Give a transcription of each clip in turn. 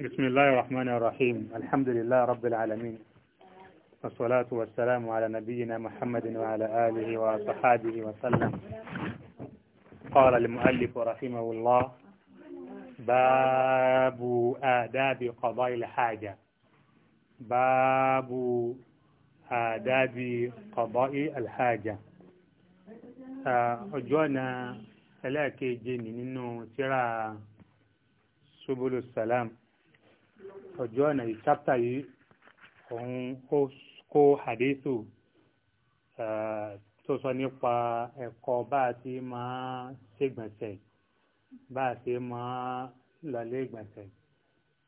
بسم الله الرحمن الرحيم الحمد لله رب العالمين والصلاة والسلام على نبينا محمد وعلى آله وصحابه وسلم قال المؤلف رحمه الله باب آداب قضاء الحاجة باب آداب قضاء الحاجة أجونا ثلاثة جن إنه ترى subulu salam ọjọ́ ọ̀nà ìṣáptà yìí òun ó kó hadithu tó sọ nípa ẹ̀kọ́ bá a ti máa ṣègbọ̀nsẹ̀ bá a ti máa lọlé ìgbọ̀nsẹ̀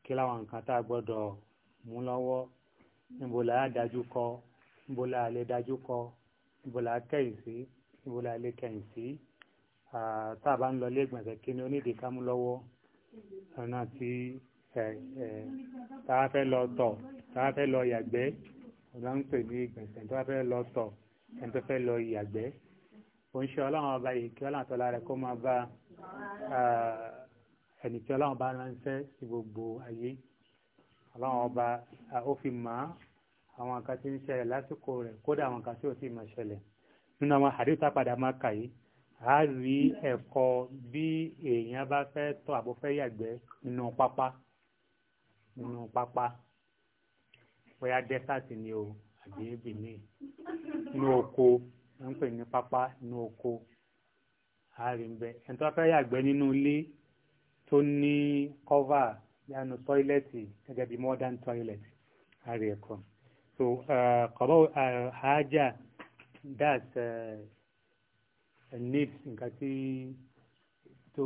kí láwọn nǹkan tá a gbọ́dọ̀ mú lọ́wọ́ níbo là á dájú kọ níbo là lè dájú kọ níbo là kẹ́yìn sí níbo là lè kẹ́yìn sí tá a bá ń lọlé ìgbọ̀nsẹ̀ kí ni ó nídìí ká mú lọ́wọ́ ọ̀nà tí tàwa fẹ́ lọ tọ̀ tàwa fẹ́ lọ yàgbẹ́ ọ̀nà ń pè ní ìgbẹ̀nsẹ̀ tàwa fẹ́ lọ tọ̀ ẹni tó fẹ́ lọ yàgbẹ́ òun ṣe ọlọ́run ọba yìí kí ọlọ́run tọ́lá rẹ̀ kó máa bá ẹni tí ọlọ́run bá ránṣẹ́ sí gbogbo ayé ọlọ́run ọba ó fi mọ̀ àwọn nǹkan tí ń ṣẹlẹ̀ lásìkò rẹ̀ kódà àwọn nǹkan tí ò sì máa ṣẹlẹ̀ nínú àwọn àdéhùn tá a padà máa kà yìí a rí ẹ̀kọ́ bí èèyàn bá fẹ́ tọ̀ àbó fẹ́ yàgbẹ́ nínú pápá nínú pápá bóyá ni o àbí bìíní oko ń pè ní pápá oko a rí ń ẹni tó fẹ́ yàgbẹ́ nínú ilé tó ní kọ́và modern toilet a rí so dat uh, need nǹkan tí tó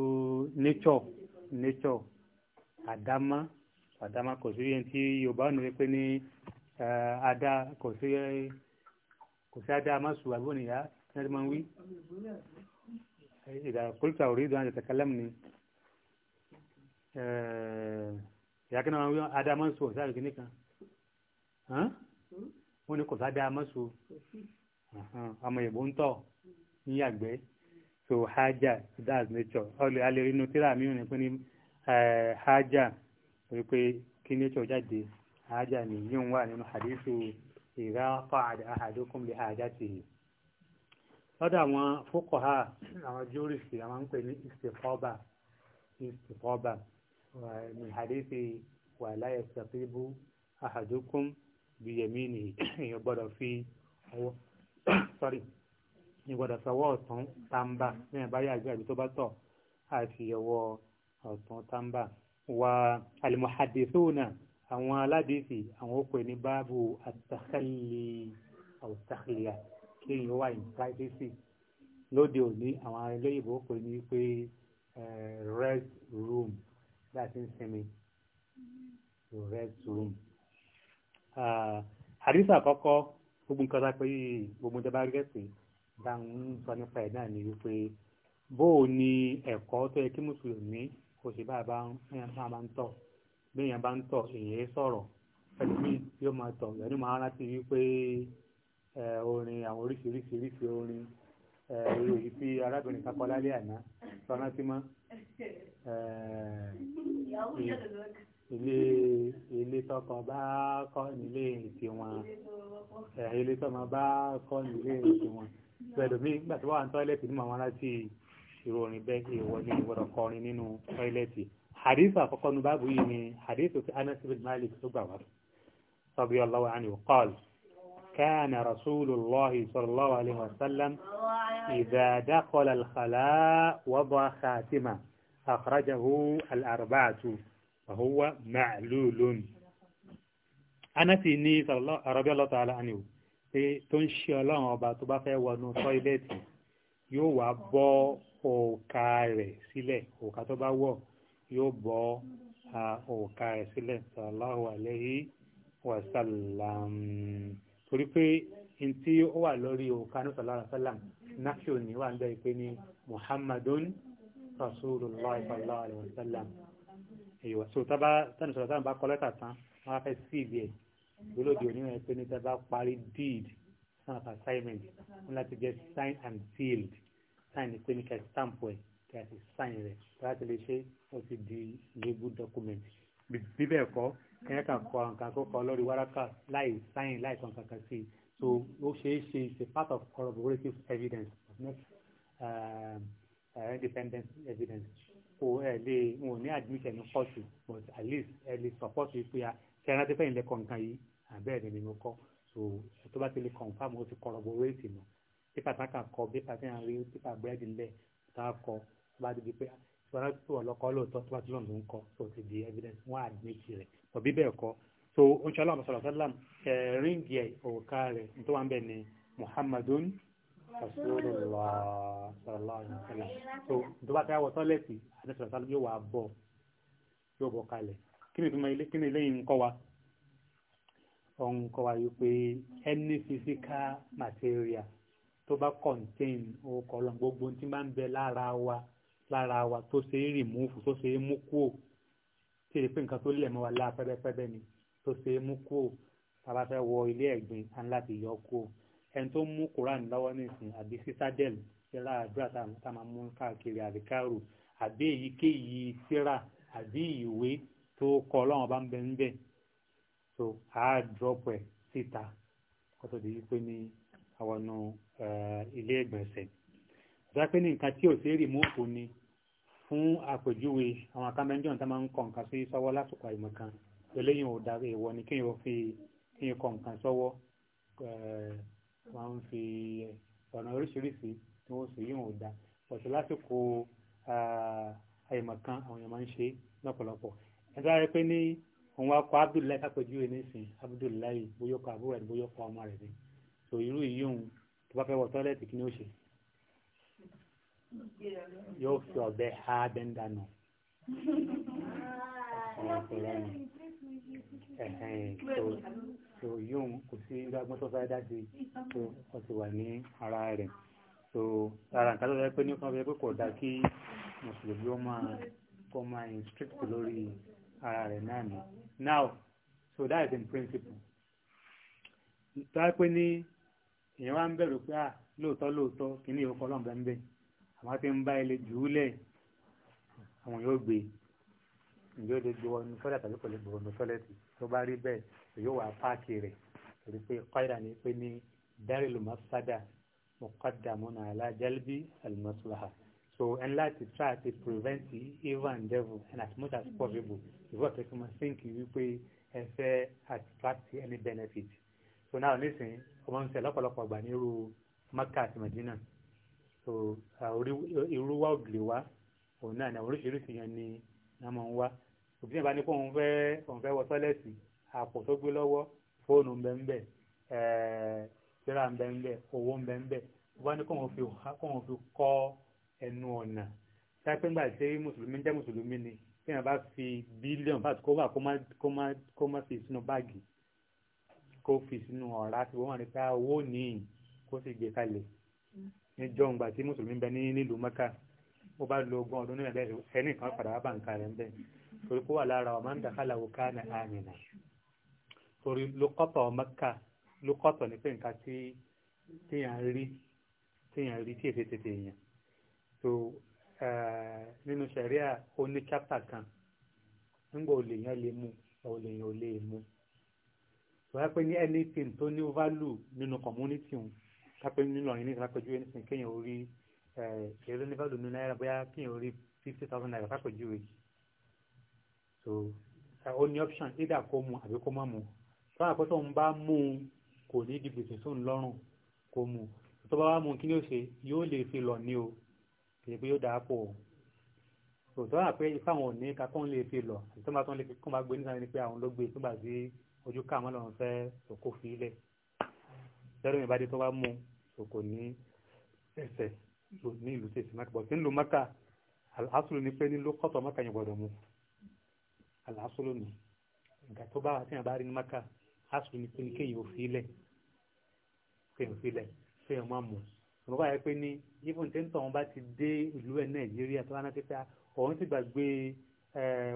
nature nature adama, adama kò sí yẹn tí yorùbá ò ní ní ada kò sí kò sí ada amásu àbónìyá tí wọ́n ti máa ń wí. إذا قلت أريد أن تتكلمني yàkínà wọn wíwọn adamansu ọ̀sá rẹ̀ kìíní kan wọ́n ní kò sá adamansu ọmọ ìbò ń tọ̀ ń yàgbẹ́ so haja that's nature ọlẹ́ alẹ́ inú tíra mi ò ní pín eh, ní haja wípé kí nature jáde haja ni yóò wà nínú hadithu ìrá fàdà ahadukum li hajatihi lọ́dọ̀ àwọn fókọ̀há àwọn júrìsì àwọn ń pè ní ìsìkọ́bà ìsìkọ́bà ní hadithi wà láyé sàkíbù ahadukum biyamini èèyàn gbọ́dọ̀ fi ọwọ́ sorry ní gbọ́dọ̀ sọwọ́ ọ̀tún tàǹbà ní ìbáyà àgbẹ̀ àbí tó bá tọ̀ àti ọwọ́ ọ̀tún tàǹbà wà alimuhadisuna àwọn aládìsí àwọn ó pè ní báàbù àtàkàlì àwòtàkìlìyà kí èèyàn wà ní privacy lóde òní àwọn eléyìnbó pè ní pé rest room láti ń sinmi rest room. àdìsí àkọ́kọ́ gbogbo nǹkan tá a pè yìí gbogbo nǹkan gẹ̀ẹ́sì bá ń sọ nípa ẹ̀ náà ni wípé bóò ni ẹ̀kọ́ tó yẹ kí mùsùlùmí kò sì bá bá ń tọ̀ bí èèyàn bá ń tọ̀ èèyàn sọ̀rọ̀ ẹlòmíì yóò máa tọ̀ ìyẹn ní máa rántí wípé orin àwọn oríṣiríṣiríṣi orin irú èyí tí arábìnrin kan kọ lálẹ́ àná sọ rántí mọ́ ilé ilé tọkọ bá kọ́ nílé tiwọn ilé tọmọ bá kọ́ nílé tiwọn pẹ̀lúmí nígbà tó wà ní tọ́ílẹ̀tì ní màmá láti ìró orin bẹ́ẹ̀ ìwọ ní ìwọ̀dọ̀ kọrin nínú tọ́ílẹ̀tì hadith àkọ́kọ́ nu báàbù yìí ni hadith ti anas bin malik tó gbà wá sọ́bí ọlọ́wọ́ àni wọ́kọ́l كان رسول الله صلى الله عليه وسلم إذا دخل الخلاء وضع خاتمة أخرجه الأربعة وهو معلول أنس إني رضي الله تعالى pé tó ń ṣe ọlọ́run ọba tó bá fẹ́ wọnú tọ́ílẹ̀tì yóò wá bọ́ òòkà rẹ̀ sílẹ̀ òòkà tó bá wọ̀ yóò bọ́ òòkà rẹ̀ sílẹ̀ sallallahu alaihi wasallam torí pé n tí ó wà lórí òòkà ní sallallahu alaihi náfíò ní wà ń pé ní muhammadun rasulullah sallallahu alaihi wasallam èyí wà so tábà tánìsọ̀rọ̀ tábà kọ́lẹ́tà tán wọ́n á fẹ́ sí ìdí ẹ̀ olóòdì onímọ̀ ẹ̀ pé ní sábà parí deed sign of assignment wọn láti jẹ́ sign and sealed sign ni pé ní kẹ́ stamp ẹ̀ kẹ́ àti sign rẹ̀ láti lè ṣe ó ti di legal document bíbẹ̀ ẹ̀kọ́ ẹ̀yẹ́ kan kọ nǹkan tó kọ lórí wáráká láì sign láì kan kankan sí i so ó ṣeé ṣe it's a part of corroborative evidence not um, uh, uh, independent evidence kò ẹ̀ lè wọn ò ní admission ní kóòtù but at least ẹ lè support wípé a tẹ̀rán ti fẹ́yìn lẹ́kọ̀ọ́ nǹkan yìí àbẹ́ẹ̀ ni mo kọ́ so tó bá ti lè confam ó ti kọ̀rọ̀bọ̀ wéètì nù pépà tá a kà kọ pépà tí a rí pépà búrẹ́dì ńlẹ̀ tá a kọ tó bá ti di pé ìwọ́n náà tó wà lọ́kọ́ lóòótọ́ tó bá ti lọ́nà ń kọ́ so ti di evidence wọ́n admit rẹ̀ tọ́ bí bẹ́ẹ̀ kọ́ so oṣù aláwọ̀ sọ̀rọ̀ sálàm ẹ̀ ríǹgì ẹ̀ òkà rẹ̀ tó wà ń bẹ̀ ni muhammadun rasulullah sallallahu alaihi wasallam so tó bá ti wà wọ tọ́lẹ̀tì àti sọ̀rọ̀ sálàm yóò kí ni ìtumọ̀ ilé kí ni eléyìí wa ọ̀n wa yìí pé any physical material tó bá contain orúkọ ọlọ́run gbogbo tí máa ń bẹ lára wa lára wa tó ṣe é rìmúfù tó ṣe é mú kúò tí èdè pé nǹkan tó lẹ̀ mọ́ wa láà pẹ́pẹ́pẹ́pẹ́ ni tó ṣe é mú kúò tàbá fẹ́ wọ ilé ẹ̀gbin á yọ kúò ẹni tó mú koran lọ́wọ́ nísìnyí àbí citadel yẹlá àdúrà tá a máa mú káàkiri àbíkárò àbí èyíkéyìí síra àbí ìwé tó kọ ọlọ́run ọba ń bẹ ń bẹ a drop ẹ̀ síta kótó di wípé ní àwọn eh, ilé ìgbọ̀nsẹ̀ dápé ní nǹkan tí ò sí rìmóòfù ni fún àpèjúwe àwọn akámẹ́jọ́ tá máa ń kọ nǹkan sí sọ́wọ́ lásìkò àìmọ̀ kan eléyìí ò darí ìwọ ni kéèyàn fi kéèyàn kọ nǹkan sọ́wọ́ máa eh, ń fi ọ̀nà oríṣiríṣi tí wọ́n sì yíwọ̀n ò da pọ̀sí lásìkò ah, àìmọ̀ kan àwọn èèyàn máa ń ṣe lọ́pọ̀lọpọ̀ ẹ̀dá rẹ̀ pé ní òun akọ abdullahi kápẹ́júwe nísìn abdullahi bóyá ọkọ àbúrò ẹ̀ bóyá ọkọ ọmọ rẹ̀ ni tò irú yìí òun tó bá fẹ́ wọ tọ́lẹ̀tì kí ni ó ṣe yóò fi ọ̀bẹ ha bẹ́ńdà nù so yóò kò sí gbàgbọ́n tó fẹ́ dájú tó ọ ti wà ní ara rẹ̀ so ara nǹkan tó fẹ́ pé ní ọkàn fẹ́ pé kò dá kí mùsùlùmí ó máa kó máa instruct lórí ara rẹ̀ náà ni now so that is in principle tọ́wọ́ pé ní èèyàn wá ń bẹ̀rù pé à ah, lóòótọ́ lóòótọ́ kìíní ìwọ́pọ̀ ọlọ́mọbẹ ń bẹ̀ àwọn tí ń bá ilé jù ú lẹ̀ àwọn yóò gbé ìjọ lè gbé wọnú tọ́lẹ̀ tàbí kò lè gbé wọnú tọ́lẹ̀ tì tó bá rí bẹ́ẹ̀ yóò wá páàkì rẹ̀ torí pé kọ́ìdà ni pé ní dárìlù mọ́sádà mọ́kàdàmọ́nà alájálbí àlùmọ́sùlùhà so ẹni láti try to prevent the evil and devil and as much as mm-hmm. possible before person must think wípé ẹ fẹ́ attract any benefit so now nísìnyí ọmọ ń sẹ lọ́pọ̀lọpọ̀ gbà ní irú Mecca àti Medina so irú wa ògìlì wa òun náà ní oríṣiríṣi yẹn ni wọ́n máa ń wá òbí yẹn bá ní kó òun fẹ́ òun fẹ́ wọ tọ́lẹ̀tì àpò tó gbé lọ́wọ́ fóònù ń bẹ ń bẹ ẹ̀ẹ́ tíra ń bẹ ń bẹ owó ń bẹ ń bẹ wọ́n ní kó òun fi kọ́ ẹnu ọ̀nà sápẹ́ ńgbà tí mùsùlùmí jẹ́ mùsùlùmí ni tí wọ́n bá fi bílíọ̀nù bá kó wà kó má fi sínú báàgì kó fi sínú ọ̀rá tí wọ́n rí pé owó nìyí kó sì gbé kalẹ̀ níjọ́ ńgbà tí mùsùlùmí bẹ ní nílùú mẹ́kà ó bá lo ogún ọdún nílẹ̀ bẹ́ẹ̀ ẹnì kan padà wá bàǹkà rẹ̀ ń bẹ̀ torí kó wà lára ọ̀ma ń dàkálà wò ká ní àmìnà torí lókọ́tọ̀ mẹ́kà lókọ́tọ̀ ní pé nǹkan tí téèyàn rí téèyàn rí tí èèyàn so nínú sẹ̀ríà ó ní chápítà kan nígbà olè yẹn lè mú olè yẹn ò lè mú wọ́n á pè ní anything tó ní value nínú community wọn kápẹ́ nílò yín ní ìsàpèjú anything kéèyàn orí èrè ní value nínú náírà bóyá kéèyàn orí fifty thousand naira kápẹ́jú so ó ní option either kó mu àbí kó má mu tó wà pé tó ń bá mú un kò ní di gbèsè sóun lọ́rùn kó mu tó bá wà mú un kí ni ó ṣe yóò lè fi lọ ní o kì í pé yóò dáa pọ̀ òtọ́ àpé ifáwọn òní kakọ́ lè fi lọ àtúntò máa tán lè fi kọ́ máa gbé nígbà ní pé àwọn ló gbé e nígbà tí ojú ká àmọ́ lọ́run fẹ́ òkú fi ilẹ̀ lẹ́rù ìbádé tó wá mú òkò ní ẹsẹ̀ ní ìlú tẹ̀sí mákà bọ̀ tí ń lo àlásùlù ni pé nílò kọ́tọ̀ mákà yẹn gbọ́dọ̀ mú àlásùlù ni nǹkan tó bá wà tí yẹn ní mákà àlásùlù ni pé ní kéèyàn ò fi kéèyàn ò kéèyàn má mú tọ́lọ́kọ́ yẹ pé ní yífún tí ń tọ̀ wọn bá ti dé ìlú ẹ̀ nàìjíríà tó wánà títà òun ti gbàgbé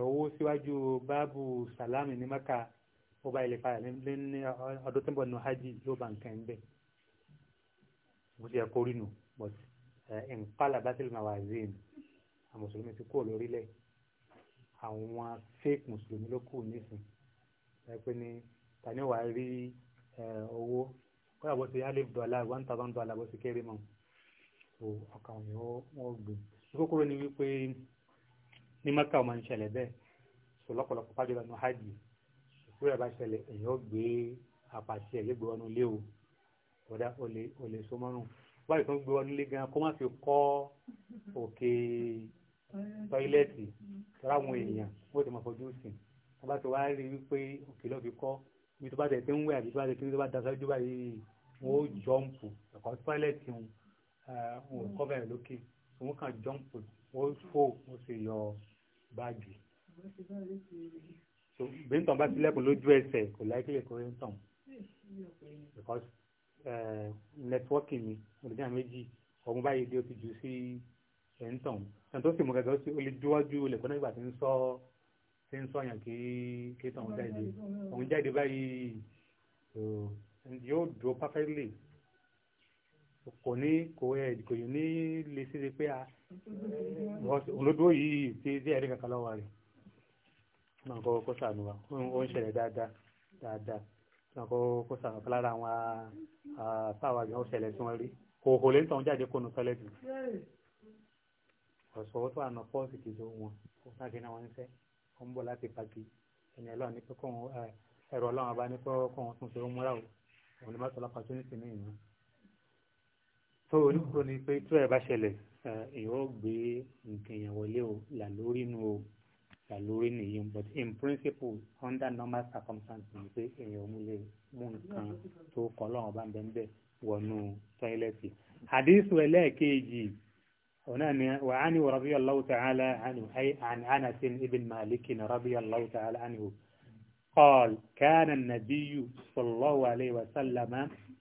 owó síwájú báàbù sàlámì ní maka ó bá ilẹ̀ padà lé ní ọdún tó ń bọ̀ nù hajj yóò bá nǹkan ẹ̀ bó ti yẹ kó rí nù but nkpala batil mawazin àwọn mùsùlùmí ti kú lórílẹ̀ àwọn fake mùsùlùmí ló kù nísìn ẹ pé ní tani wàá rí owó kódà bó ṣe alif dọ́là one thousand dollar bó ṣe kéré mọ́ o ọkàn òyìn ó gbìn kókóró ni wípé ní maka ọmọ ìṣẹ̀lẹ̀ bẹ́ẹ̀ sọ lọ́pọ̀lọpọ̀ pàjọ lọ́nu hajj ìkúrò ẹ̀ bá ṣẹlẹ̀ èyàn ó gbé àpàṣẹ ẹ̀ gbé wọnú ilé o kódà o lè so mọ́rùn báyìí tó ń gbé wọnú ilé gan kó má fi kọ́ òkè tọ́ílẹ̀tì tọ́ra àwọn èèyàn bó ti máa fojú sìn wọ́n bá ti wá rí wípé òkè lọ́ọ́ fi kọ́ ibi tó bá tẹ̀ tí ń wẹ̀ àbí tó bá tẹ̀ tí ń bá daṣọ́ wọ́n ó jọ́ǹpù ẹ̀kọ́ tọ́ílẹ̀tì wọn wọn ò kọ́ bẹ̀rẹ̀ lókè wọ́n kàn jọ́ǹpù wọ́n fò wọ́n sì yọ báàgì. so bíntàn bá tilẹ̀kùn lójú ẹsẹ̀ kò láìpẹ́ kò rí ntàn because nẹtíwọ́kì mi olùdíjà méjì ọmọ báyìí dé o ti jù sí ẹ̀ńtàn ẹ̀ńtàn tó sì mú gẹ́gẹ́ ó lè dúwájú lẹ̀kọ́ náà ìgbà tí ń sọ tí ń sọ yàn kí kí tàn jáde òun jáde báyìí yóò dúró perfectly kò ní kò ẹ kò ah, yìí ní lè ṣe ṣe pé a olódó yìí ti dé ẹ̀rí kankan lọ́wọ́ rẹ̀ náà kọ́ kó sànù wa ó ń ṣẹlẹ̀ dáadáa dáadáa náà kọ́ kó sànù wa lára àwọn afáwà gan ó ṣẹlẹ̀ sí wọn rí kòkò lè ń tàn jáde kó nu tọ́lẹ́tì ọ̀sọ̀ ó tó àná pọ́ọ̀sì kì í so wọn ó sáàkì náà wọ́n ń fẹ́ ó ń bọ̀ láti pàkì ẹ̀yìn ọlọ́run ní pé kóun ẹ̀rọ ọlọ́run bá ní pé kóun tún ṣe ó múra o òun ló má sọlá pàtó ní tìmí ìmú tó oníkóró ni pé tó ẹ bá ṣẹlẹ̀ èèyàn gbé nǹkan èèyàn wọlé o là lórí o là nìyí but in principle under normal circumstances ni pé èèyàn ò mú lè mú nǹkan tó kọ́ lọ́wọ́ bá ń bẹ́ẹ̀ bẹ́ẹ̀ wọnú tọ́ílẹ̀tì àdísù ẹlẹ́ẹ̀kejì onani wàhání wà rabi allahu ta'ala anhu ay an anasin ibn malikin rabi allahu ta'ala anhu قال كان النبي صلى الله عليه وسلم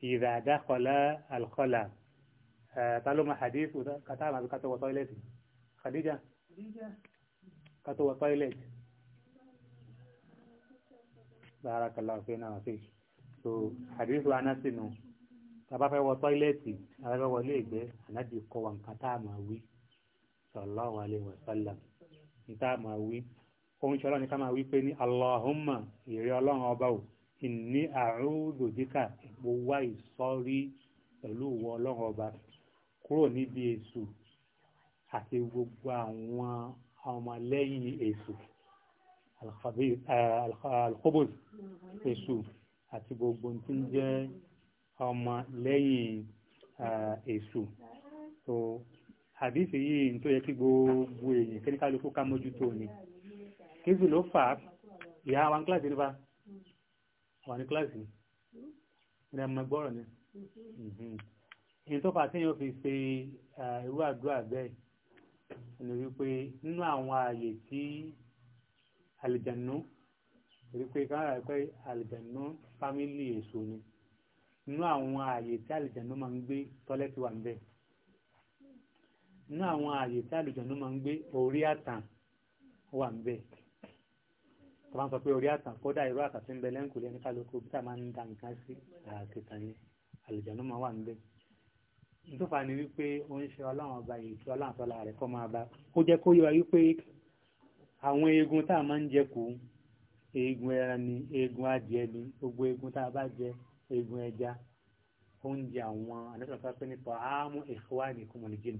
إذا دخل الخلاء آه، قالوا ما حديث كتاب أبي كتب وطايلت خديجة كتب وطايلت بارك الله فينا وفيك حديث أنس إنه tàbá fẹ́ wọ tọ́ílẹ̀tì tàbá fẹ́ wọlé ìgbẹ́ ànábì kọ́ wa nǹkan tá a máa wí sallallahu ohun ṣe ọlọ́run ká máa wí pé ní Allahumma ìrẹ́ ọlọ́run ọba ò ìní àrùdò díkà epo wá ìsọ́rí pẹ̀lú ìwọ ọlọ́run ọba kúrò níbi èṣù àti gbogbo àwọn ọmọlẹ́yìn èṣù alkobos eh, èṣù àti gbogbo tí ń jẹ́ ọmọlẹ́yìn eh, èṣù so àdìsí yìí tó yẹ kí gbogbo èèyàn kí ní kálukú ká mójútó ni kéjì ló fà á ìyá wa ní kíláàsì nípa àwọn ní kíláàsì ní ẹmọ gbọ́rọ̀ ni mm-hmm. èyí tó fà á téèyàn ṣe irú àdúrà bẹ́ẹ̀ ni wípé nínú àwọn ààyè tí àlìjànú wípé káàrà pé àlìjànú fámílì èso ni nínú àwọn ààyè tí àlìjànú máa ń gbé tọ́lẹ́tì wà ń bẹ̀ nínú àwọn ààyè tí àlìjànú máa ń gbé orí àtàn wà ń tọ́ba ń sọ pé orí àtàn kódà irú àtàtún bẹ lẹ́ǹkù lẹ́ni kálukú bí táà máa ń da nǹkan sí àkìtàn yẹn àlùjánu máa wà níbẹ̀. nítorí ni wípé ó ń ṣe ọlọ́run ọba ètò ọlọ́run tọ́lá rẹ̀ kọ́ máa bá ó jẹ́ kó yọ wípé àwọn eegun tá a máa ń jẹ kù eegun ẹran ni eegun adìẹ ni gbogbo eegun tá a bá jẹ eegun ẹja oúnjẹ àwọn anẹ́sọ̀tọ́ pé nípa áámú ìfọwọ́ àníkùnmọ̀lẹ́jìn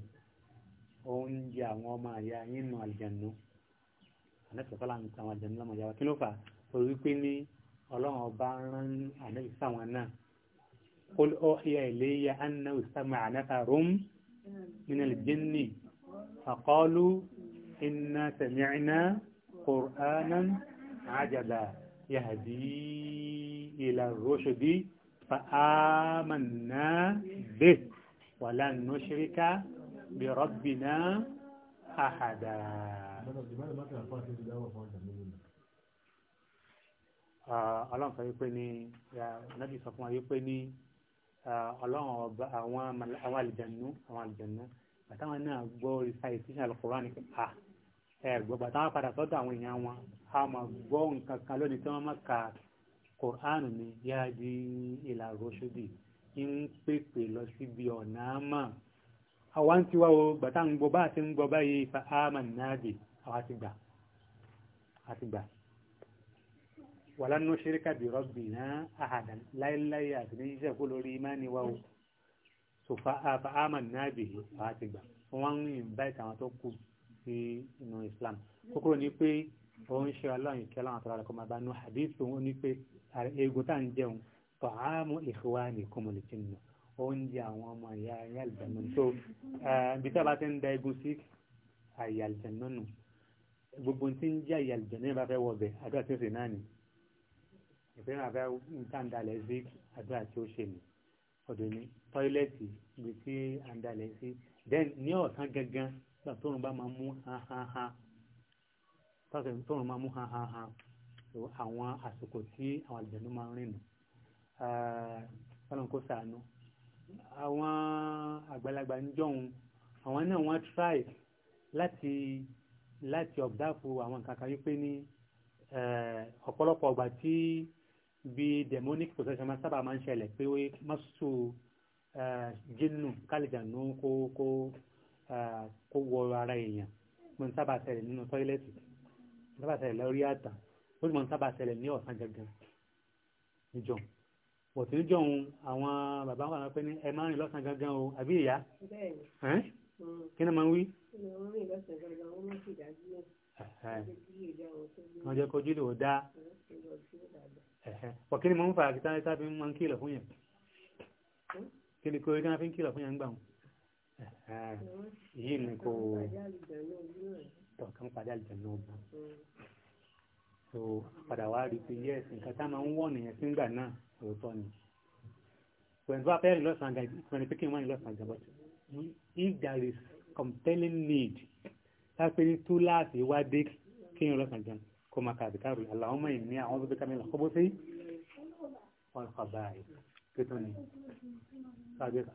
oúnjẹ àwọn ọmọ àyà yín nù àlùjánu ànẹ́sọ̀tọ́lá ń tàwọn àjẹmí lọ́mọ ìyá wa kí ló fà torí pé ní ọlọ́run ọba rán ànẹ́bí sáwọn náà qul uhiya ilayya annahu istama'a nafarun minal jinni faqalu inna sami'na qur'anan ajaba yahdi ila rushdi fa amanna bihi wa lan nushrika bi rabbina ahada ọlọ́run sọ wípé ní ọ̀nàbí sọ fún wa wípé ní ọlọ́run ọba àwọn àlìjẹ̀nú àwọn àlìjẹ̀nú bàtàwọn náà gbọ́ recitation alukurani a ẹ̀gbọ́ bàtàwọn padà sọ́dọ̀ àwọn èèyàn wọn a máa gbọ́ nǹkan kan lónìí tí wọ́n máa ka Quran ni yáàdí ìlà rọ́ṣọ́dì ń pèpè lọ síbi ọ̀nà àmà àwọn tiwa o bàtà gbọ́ bá a ti ń gbọ́ báyìí fa àmà àwọn àti gbà àti gbà wàlá nù ṣíríkà bí rọ́bì náà àhàdà láíláí àti ní iṣẹ́ kó lórí imáni wa o so fa aman náà bì í àwọn àti gbà wọ́n ń rìn báyìí àwọn tó kù sí inú Islam kókó ni pé òun ṣe ọlọ́run ìkẹ́ láwọn àtàrà kọ́ máa bá nù hadith òun ni pé egun tá à ń jẹun tọ̀hámù ìhùwánì kọmọlìtìnnà oúnjẹ àwọn ọmọ ìyá ayé àlùjẹ̀nù tó ibi tí a bá ti ń da egun sí ayé àlùjẹ̀nù nù gbogbo tí ń jẹ́ ìyà ìjọ náà bá fẹ́ wọ̀bẹ̀ àdúrà tí ó ṣe náà ni ìfẹ́ náà fẹ́ ntàndalẹ̀ sí àdúrà tí ó ṣe ni ọ̀dọ̀ ní tọ́ílẹ̀tì ibi tí àndalẹ̀ sí then ní ọ̀sán gangan nígbà tóun bá máa mú háháhá tóun máa mú háháhá àwọn àsìkò tí àwọn àlùjànnú máa ń rìn nù ah, ọlọ́run kó sàánú àwọn àgbàlagbà ń jọ̀hún àwọn náà wọ́n try láti láti ọ̀bdáfù àwọn nǹkan kan wípé ní eh, ọ̀pọ̀lọpọ̀ ọgbà tí bí demonic possession máa sábà máa ń ṣẹlẹ̀ pé ó má sùsù eh, jinnu kálíjànú kó kó eh, kó wọ ara èèyàn mo ń sábà ṣẹlẹ̀ nínú tọ́ílẹ̀tì mo ń sábà ṣẹlẹ̀ lórí àtàn ó sì mo ń sábà ṣẹlẹ̀ ní ọ̀sán gangan níjọ́ bọ̀tí níjọ́ òun àwọn bàbá wà pé ní ẹ máa rìn lọ́sàn gangan o àbí ìyá mm. kí ni máa ń wí wọ́n jẹ́ kojú lò dá ọ̀kí ni mo ń fa àkítá níta fi máa ń kìlọ̀ fún yẹn hm? kí ni kórí náà fi ń kìlọ̀ fún yẹn ń gbà wọn yìí ni kò tọ̀kan padà àlùjá náà bù so padà wá rí pé yẹ́ ẹ̀sìn kan tá máa ń wọ̀ nìyẹn sí ńgbà náà òótọ́ ni pẹ̀lú bá fẹ́ẹ́ rí lọ́sàn-án gan ìpínlẹ̀ pé kí n lọ́sàn-án gan bọ́tù if there compelling need láti ní tú láti wá dé kí n lọ́kàn jẹun kó máa kà àbíkárù Allahumma inni a'udhu bika min al-khubuthi wal khaba'ith kí tó ní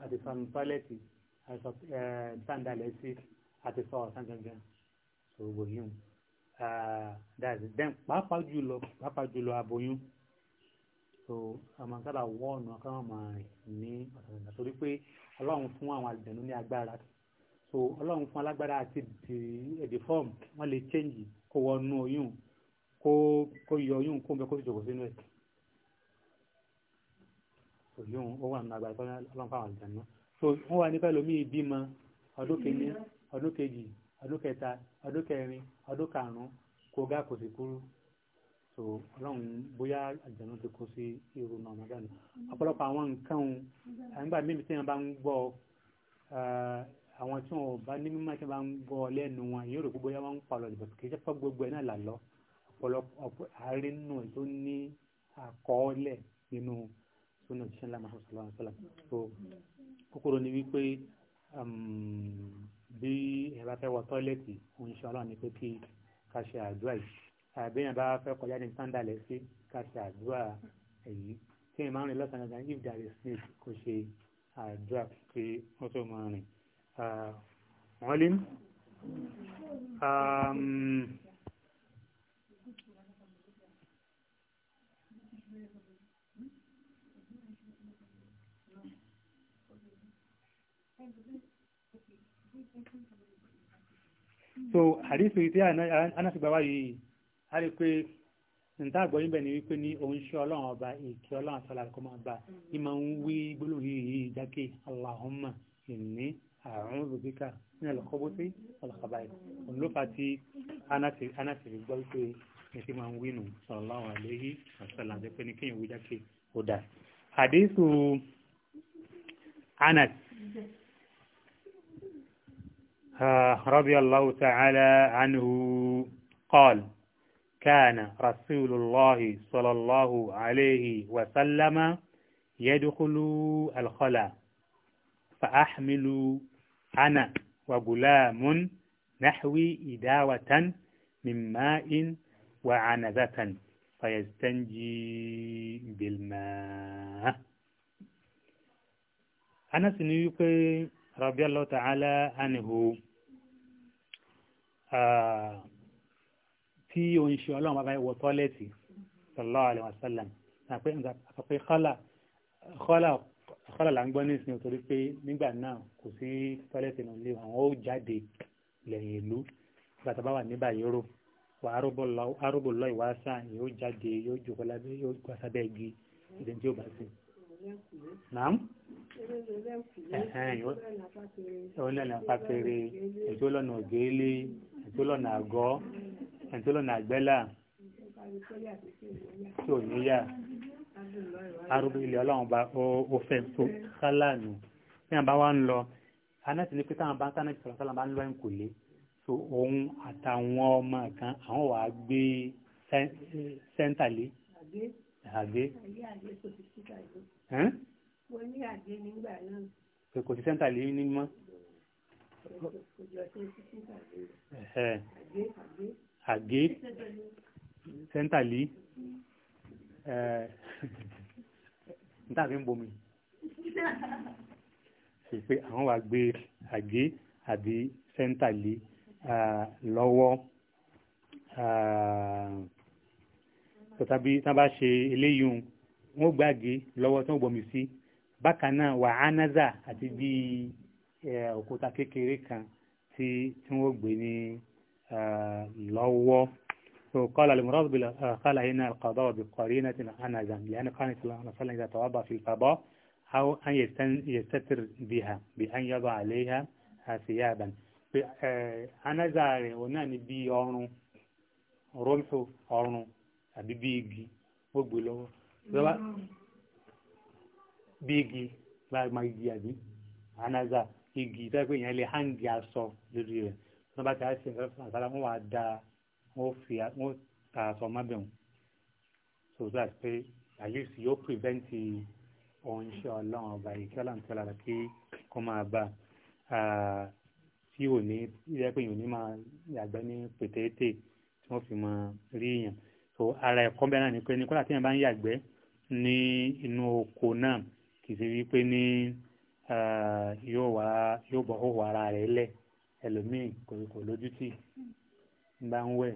àti sọnù tọ́lẹ́tì àti sọ sàǹdàlẹ́ sí àti sọ ọ̀sán gangan ṣòwò yìí dáàbí dẹ́n pàápàá jùlọ pàápàá jùlọ aboyún so ọmọ sábà wọ́ọ̀nù ọkọ̀ máa rìn ní ọ̀sán gangan torí pé ọlọ́run fún àwọn àlùjẹ̀nu ní agbára so ọlọ́run fún alágbára àti èdè fọ́ọ̀mù wọ́n lè chẹ́ǹgì kó wọnú oyún kó kó yọ oyún kó ń bẹ kó sì jòkó sínú ẹ̀ oyún ó wà nínú agbára tó fáwọn náà so wọ́n wà nípa ẹlòmíì bímọ ọdún kìíní ọdún kejì ọdún kẹta ọdún kẹrin ọdún kó gá kò kúrú so àwọn tí wọn ò bá ní mímọ́ tí wọn bá ń gbọ́ lẹ́nu wọn yóò rò gbogbo yá wọn ń palọ̀ ìbọ̀ kì í ṣe fọ́ gbogbo ẹ̀ náà là lọ ọ̀pọ̀lọpọ̀ àárín nù tó ní àkọọ́lẹ̀ nínú sunna ṣẹlá mahamud sallallahu alaihi wa sallam so kúkúrú ni wípé um, bí ẹ bá fẹ́ wọ tọ́ílẹ̀tì òun ṣe ọlọ́run ni pé kí ká ṣe àdúrà yìí àbí ẹ bá fẹ́ kọjá ní sándàlẹ̀ sí ká ṣe àdúrà èyí tí ẹ máa ń rìn lọ́sàn-án if there is snake kò ṣe àdúrà pé wọ́n tó máa rìn. معلم uh, um, so àdísù tí anásìgbàwá yìí a rí pé nta àgbọ̀ yín bẹ̀ ni wípé ní òun ṣe ọlọ́run ọba ìkí ọlọ́run àtọ́lá kọ́ máa bá ìmọ̀ ń wí gbólóhùn yìí jákè Allahumma inni àrùn rubika ní ẹlọ́kọ́bó sí ọlọ́kàbáyé olófà tí anásìrí gbọ́ pé ní ti máa ń wínú sallallahu alaihi wasallam pé ní kéèyàn wíjá pé ó dà. àdéhù anas ah, radiyallahu ta'ala anhu qala kana rasulullahi sallallahu alaihi wasallama yadkhulu al-khala' فأحمل أنا وغلام نحوي إداوة من ماء وعنبة فيستنجي بالماء أنا سنيك رضي الله تعالى عنه آه، tí o ń ṣe ọlọ́run bàbá ìwọ̀ tọ́lẹ̀tì sallallahu alaihi أقول خلا خلا àkọ́là là ń gbọ́ nísìnyí nítorí pé nígbà náà kò sí tọ́lẹ́tì náà lé àwọn ó jáde lẹ́yìn ìlú nígbà tá a bá wà níbà yòrò wà arúgbó lọ ìwáṣà yóò jáde yóò jòkó lábẹ́ yóò gbà sábẹ́ igi ìdí tí ó bá sí. Nàám. Ẹ̀hẹ́n lọ́nà àpapẹ̀rẹ̀, ètò lọ́nà ògèélé, ètò lọ́nà àgọ́, ètò lọ́nà àgbẹ́là, tí ò níyà arúgbó ilẹ̀ ọlọ́run bá ó fẹ́ tó kálá nù a wọn bá wá ń lọ anẹ́tì ní pété àwọn bá tánà ìṣọ̀rọ̀ sálà bá ń lọ ẹ̀kọ́ lé so òun àtàwọn ọmọ kan àwọn wàá gbé sẹ́ńtà lé àgbé kò sí sẹ́ńtà lé ní mọ́ àgbé sẹ́ńtà lé níta fi ń bomi ṣe pé àwọn wà gbé àgé àbí sẹ́ńtà lé lọ́wọ́ tọ́tàbí tí wọ́n bá ṣe eléyìí wọ́n gbàgé lọ́wọ́ tí wọ́n bomi sí bákan náà wà ánáza àti bíi òkúta kékeré kan tí wọ́n gbé ní lọ́wọ́. فقال لمراد آه، قال هنا القضاء بقرينة عنزا يعني لأن صلى الله عليه وسلم إذا توضع في القضاء أو أن يستتر بها بأن يضع عليها ثيابا آه، أنا قلنا ونان بيانو رمح أرنو أبي بيجي وقبلوه bíigi بيجي لا ما يجي أبي igi tẹ́gbẹ̀yìn ẹlẹ́ hàǹgì تقول يعني هنجي أصو ti نبات ba sí a وعدا wọ́n fi wọ́n ta aṣọ mábẹ̀hún so that pé at least yóò prevent ohun iṣẹ́ ọlọ́run ọba ìkẹ́ ọ̀làǹtọ́lá kí kó máa bá a tí ò ní yẹ pé èèyàn ní máa yàgbẹ́ ní pètèétè tí wọ́n fi máa rí èèyàn so ara ẹ̀kọ́ bẹ́ẹ̀ náà ni pé ní kọ́lá tí èèyàn bá ń yàgbẹ́ ní inú oko náà kì í ṣe wípé ní yóò wá yóò bọ̀ hóhó ara rẹ̀ lẹ̀ ẹlòmíì kò lójútì ń bá ń wẹ̀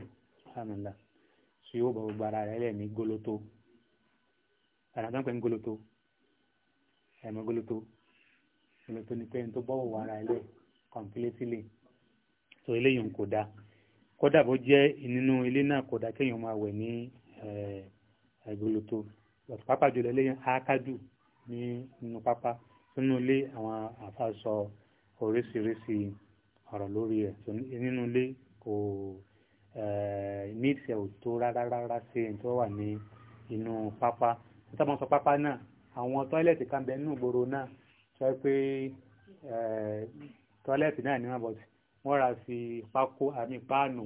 alhamdulilah tí yóò bọ̀ gbogbo ara rẹ̀ lẹ̀ ní goloto ara ń pè ẹ̀mọ́ goloto goloto ni pé ní tó bọ́wọ̀ wọ ara rẹ̀ completely so eléyìí kò dáa kódà bó jẹ́ nínú ilé náà kò dáa kéèyàn máa wẹ̀ ní eh, eh, goloto pápá jùlọ eléyìí ákádù ní nínú pápá sínú ilé àwọn àfa sọ oríṣiríṣi ọ̀rọ̀ lórí ẹ̀ nínú ilé space ẹ̀ ò tó rárá rárá sí ẹni tó wà ní inú pápá nítorí wọn sọ pápá náà àwọn tọ́ílẹ̀tì kan bẹ nínú ìgboro náà sọ pé tọ́ílẹ̀tì náà ní wọn bọ̀ wọ́n ra sí pákó àmì páànù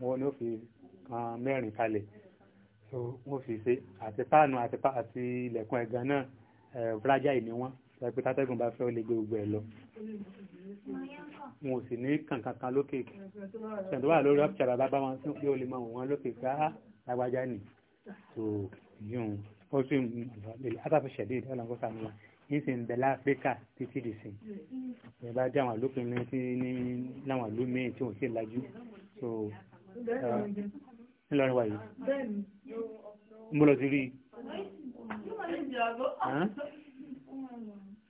wọn ni ó fi kan mẹ́rin kalẹ̀ wọ́n fi ṣe àti páànù àti ilẹ̀kùn ẹ̀gàn náà fúrájà ìní wọn tàbí tátẹ́gùn bá fẹ́ ó lè gbé gbogbo ẹ̀ lọ wọn ò sì ní kàǹkàǹkà lókè ṣẹ̀tọ́ wà lórí ọ́pìṣà bàbá bá wọn sí ó lè mọ wọn lókè pé áhá lágbájá nì tó yíyún ó sì ń lè látàfi ṣẹ̀dí ìdí ọ̀làǹkó sàmì wa ní sì ń bẹ láfíríkà títí dì sí ẹ bá dé àwọn àlópin ní tí ní láwọn ìlú míì tí wọn sì lajú so ńlọrin wáyé ń bọ́ lọ sí rí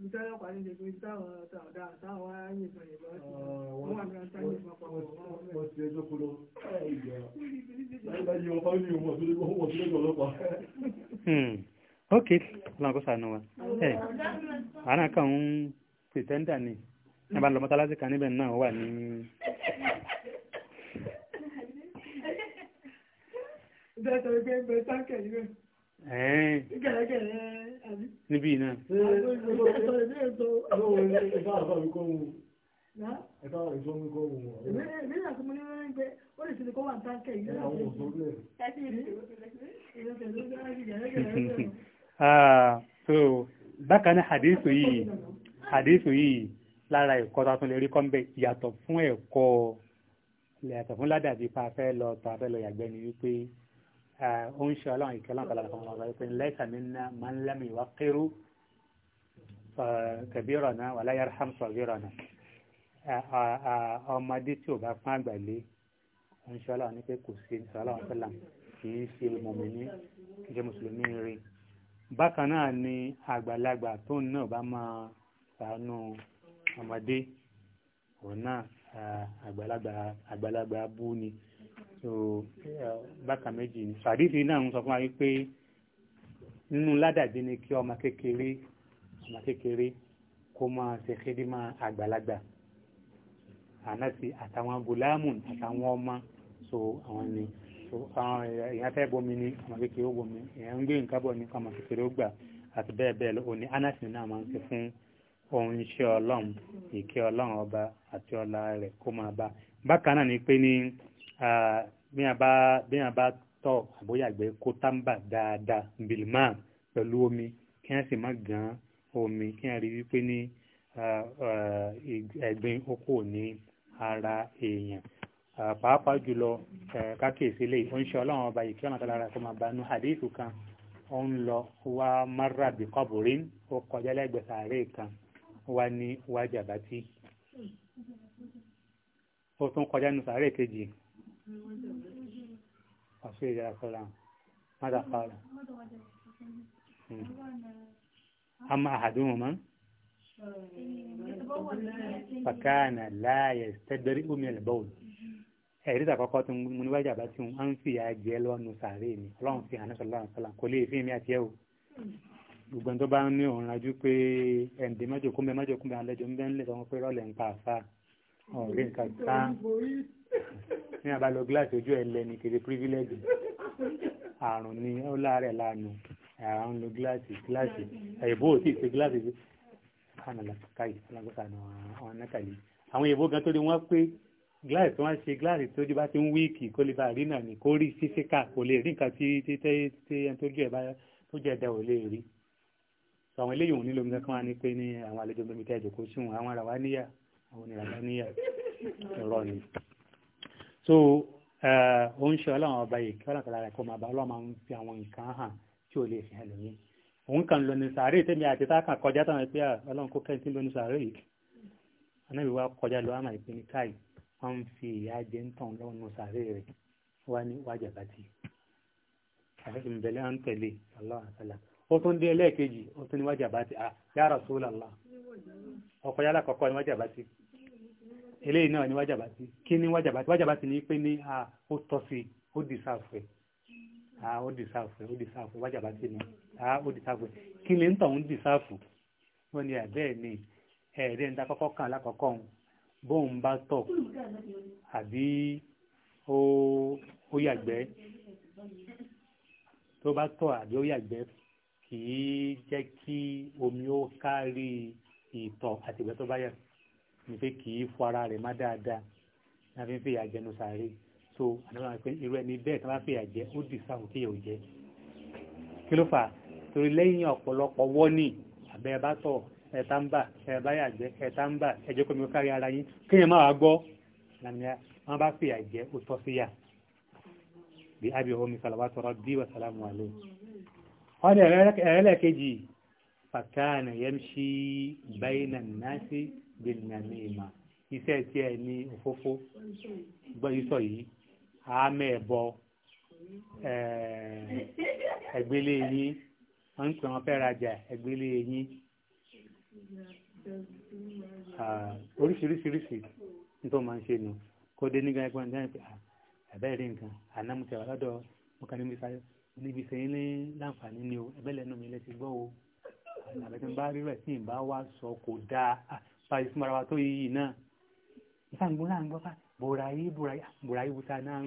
ibi táwọn ọkọ̀ àti ìṣègùn ibi táwọn ọ̀dà táwọn wá yìnbọn yìnbọn sí wọn wà ní ọjà yìnbọn pọ̀ wọ́n ti ẹjọ́ kúrò ẹ̀yìn ok lọ́nà kó sànú wa ẹ̀ àánà kan ń pìtẹ́ndà ni nígbà lọ mọ́tálásí kan níbẹ̀ náà wà ní ẹ̀ẹ́ níbí náà. so bákan náà hadithu yìí hadithu yìí lára ẹ̀kọ́ tó tún lè rí kọ́ńbẹ̀ yàtọ̀ fún ẹ̀kọ́ yàtọ̀ fún ládàbí pa fẹ́ lọ tọ́ afẹ́ lọ yàgbẹ́ ni wípé ó ń ṣe ọlọ́run ìkẹ́lọ́n tàbí àwọn ọmọ ọ̀rọ̀ ìpín lẹ́sà mi ná máa ń lẹ́mì wá kérú kẹbírọ̀ náà wà láyé arham sọ̀bírọ̀ náà ọmọdé tí ò bá pọ́n àgbà lé ó ń ṣe ọlọ́run ní pé kò sí ìṣọ́lọ́run tó làm kì í ṣe mọ̀mìnì kì í ṣe mùsùlùmí rí bákan náà ni àgbàlagbà tó ń náà bá máa sàánú ọmọdé òun náà àgbàlagbà abú ni so bákan méjì ni sàdífì náà ń sọ fún wa pé nínú ládàbí ni kí ọmọ kékeré ọmọ kékeré kó máa ṣe kédìmá àgbàlagbà ànásì àtàwọn gùlámù àtàwọn ọmọ so àwọn ni so àwọn èèyàn fẹ́ bomi ni ọmọ kékeré ó bomi èèyàn ń gbé nǹkan bọ̀ ní ọmọ kékeré ó gbà àti bẹ́ẹ̀ bẹ́ẹ̀ lọ òní anásì náà máa ń ṣe fún ohun iṣẹ́ ọlọ́run ìkẹ́ ọlọ́run ọba àti ọlá rẹ̀ kó máa bá bákan náà ni pé ní bí wọn bá tọ̀ àbóyàgbẹ́ kó tábà dáadáa bìlìmá pẹ̀lú omi kí wọn sì má gan omi kí wọn rí wípé ní ẹ̀gbin okò ní ara èèyàn pàápàá jùlọ kákèsí lè ó ń ṣe ọlọ́run ọba yìí kí ọ̀nà tọ́lára kó máa banú hadith kan ó ń lọ wá mara bí kọ́bùrín ó kọjá lẹ́gbẹ̀ẹ́ sàárè kan wá ní wájàbátì ó tún kọjá nu sàárè kejì Así ya hmm. la ماذا قال أما أحدهما فكان لا يستدرئ من البول ẹ̀rí ìdàkọ́kọ́ tó mú níwájú àbá tí wọ́n ń fi àjẹ́ lọ́nu sàárè ni ọlọ́run fi hàn sọ́lá sọ́lá kò lè fi mi àti ẹ̀ o gbogbo tó bá ń ní òun rajú pé ẹ̀ǹdẹ̀ májòkúnbẹ májòkúnbẹ alẹ́jọ́ ń bẹ́ńlẹ̀ sọ pé rọ́ọ̀lẹ̀ ń pa àfáà ọ̀rẹ́ nǹkan kan ní abalọ gíláàsì ojú ẹ lẹni kiri pírífílẹ́jì àrùn ni ó láàárẹ̀ lánàá ara ń lo gíláàsì gíláàsì ẹ̀bù ò sì ṣe gíláàsì sí kánàlà káyì alágbèsà àwọn nátàlí àwọn èèbó gan tó ní wọ́n pé gíláàsì tí wọ́n ṣe gíláàsì tó jù bá ti ń wíìkì kó lè bá rí náà ni kó rí sísíkà kò lè rí nǹkan tí títẹ́ tí ẹni tó jẹ́ bá tó jẹ́ ẹ̀dá ò lè rí àwọn eléyìí òun nílò mi kan wá ní pé ní àwọn àlejò mi tẹ́ kó sùn àwọn ara wa níyà àwọn ni àlàníyà ẹ̀rọ ni. so ó ń ṣe ọlọ́run ọba yìí kí ọlọ́kàlà rẹ̀ kó máa bá ọlọ́run máa ń fi àwọn nǹkan hàn tí ò lè fi hàn lómi. òun kàn lọ ní sàárè tẹ́mi àti táàkà kọjá táwọn ẹgbẹ́ ọlọ́run kó kẹ́ńtì lọ sàárè yìí. anábì wa kọjá lọ àmà ìpín ní káì wọ́n ń fi ìyá jẹ́ ń tàn lọ́run sàárè rẹ̀ wá ní wájà bàtì. ìbẹ̀lẹ̀ à ń tẹ̀lé ọlọ́run àtàlà ó tún dé ẹlẹ́ẹ̀kejì ó tún ní wájà bàtì à yá Rasulullah ọkọ̀ yálà kọ̀ọ̀kan ní wájà bàtì eléyìí náà ni wájàbátì kí ni wájàbátì wájàbátì ni pé ní a ó tọ́ sí ó dì sáfù a ó dì sáfù ó dì sáfù ẹ̀ ni a ó dì sáfù ẹ̀ kí ni ń ń dì sáfù wọ́n ni àbẹ́ẹ̀ ni ẹ̀ẹ́dẹ́ ń ta kọ́kọ́ kàn lákọ̀ọ́kọ́ òun bóun bá tọ̀ àbí ó yàgbẹ́ tó bá tọ̀ àbí ó yàgbẹ́ kì í jẹ́ kí omi ó kárí ìtọ̀ àtìgbẹ́ tó bá yàgbẹ́ ní pé kì í fọ ara rẹ̀ má dáadáa náà fi ń fìyà jẹnu sàárè so àdúrà pé irú ẹni bẹ́ẹ̀ tí wọ́n fìyà jẹ ó dì sáà kí yóò jẹ kí ló fà torí lẹ́yìn ọ̀pọ̀lọpọ̀ wọ́nì àbẹ́ bá tọ̀ ẹ̀ta ń bà ẹ̀bá yàgbẹ́ ẹ̀ta ń bà ẹ̀jẹ̀ kọ́mi ó kárí ara yín kéèyàn má wàá gbọ́ lànà wọn bá fìyà jẹ ó tọ́ sí yà bí abi omi salawatu rabbi wa salamu alayhi wọn ni ẹ̀rẹ́lẹ̀ kejì fàkànà yẹmṣí bayna nasi bílíọ̀nù ìmà iṣẹ́ tí ẹ ní òfófó gbọ́ sísọ yìí àámẹ́ ẹ̀bọ ẹ̀gbélé yín wọ́n ń pè wọ́n fẹ́ rajà ẹ̀gbélé yín oríṣiríṣiríṣi ní tó máa ń ṣe nù kó dé nígbà ẹgbẹ́ ọ̀nà ìpè ẹ̀bẹ́ rí nǹkan àná mo ti wà lọ́dọ̀ mo kàn níbi sáyọ́ níbi sẹ́yìn ní láǹfààní ni o ẹ̀bẹ́ lẹ́nu mi lẹ́sìn gbọ́ o àbẹ̀tẹ̀ bá rí rẹ̀ tí ì bá wá sọ kò dáa báyìí fún ara wa tó yìí náà ìfàǹgbọ́n náà ń gbọ́ bá bùràyí bùràyí ah, bùràyí wùta náà ń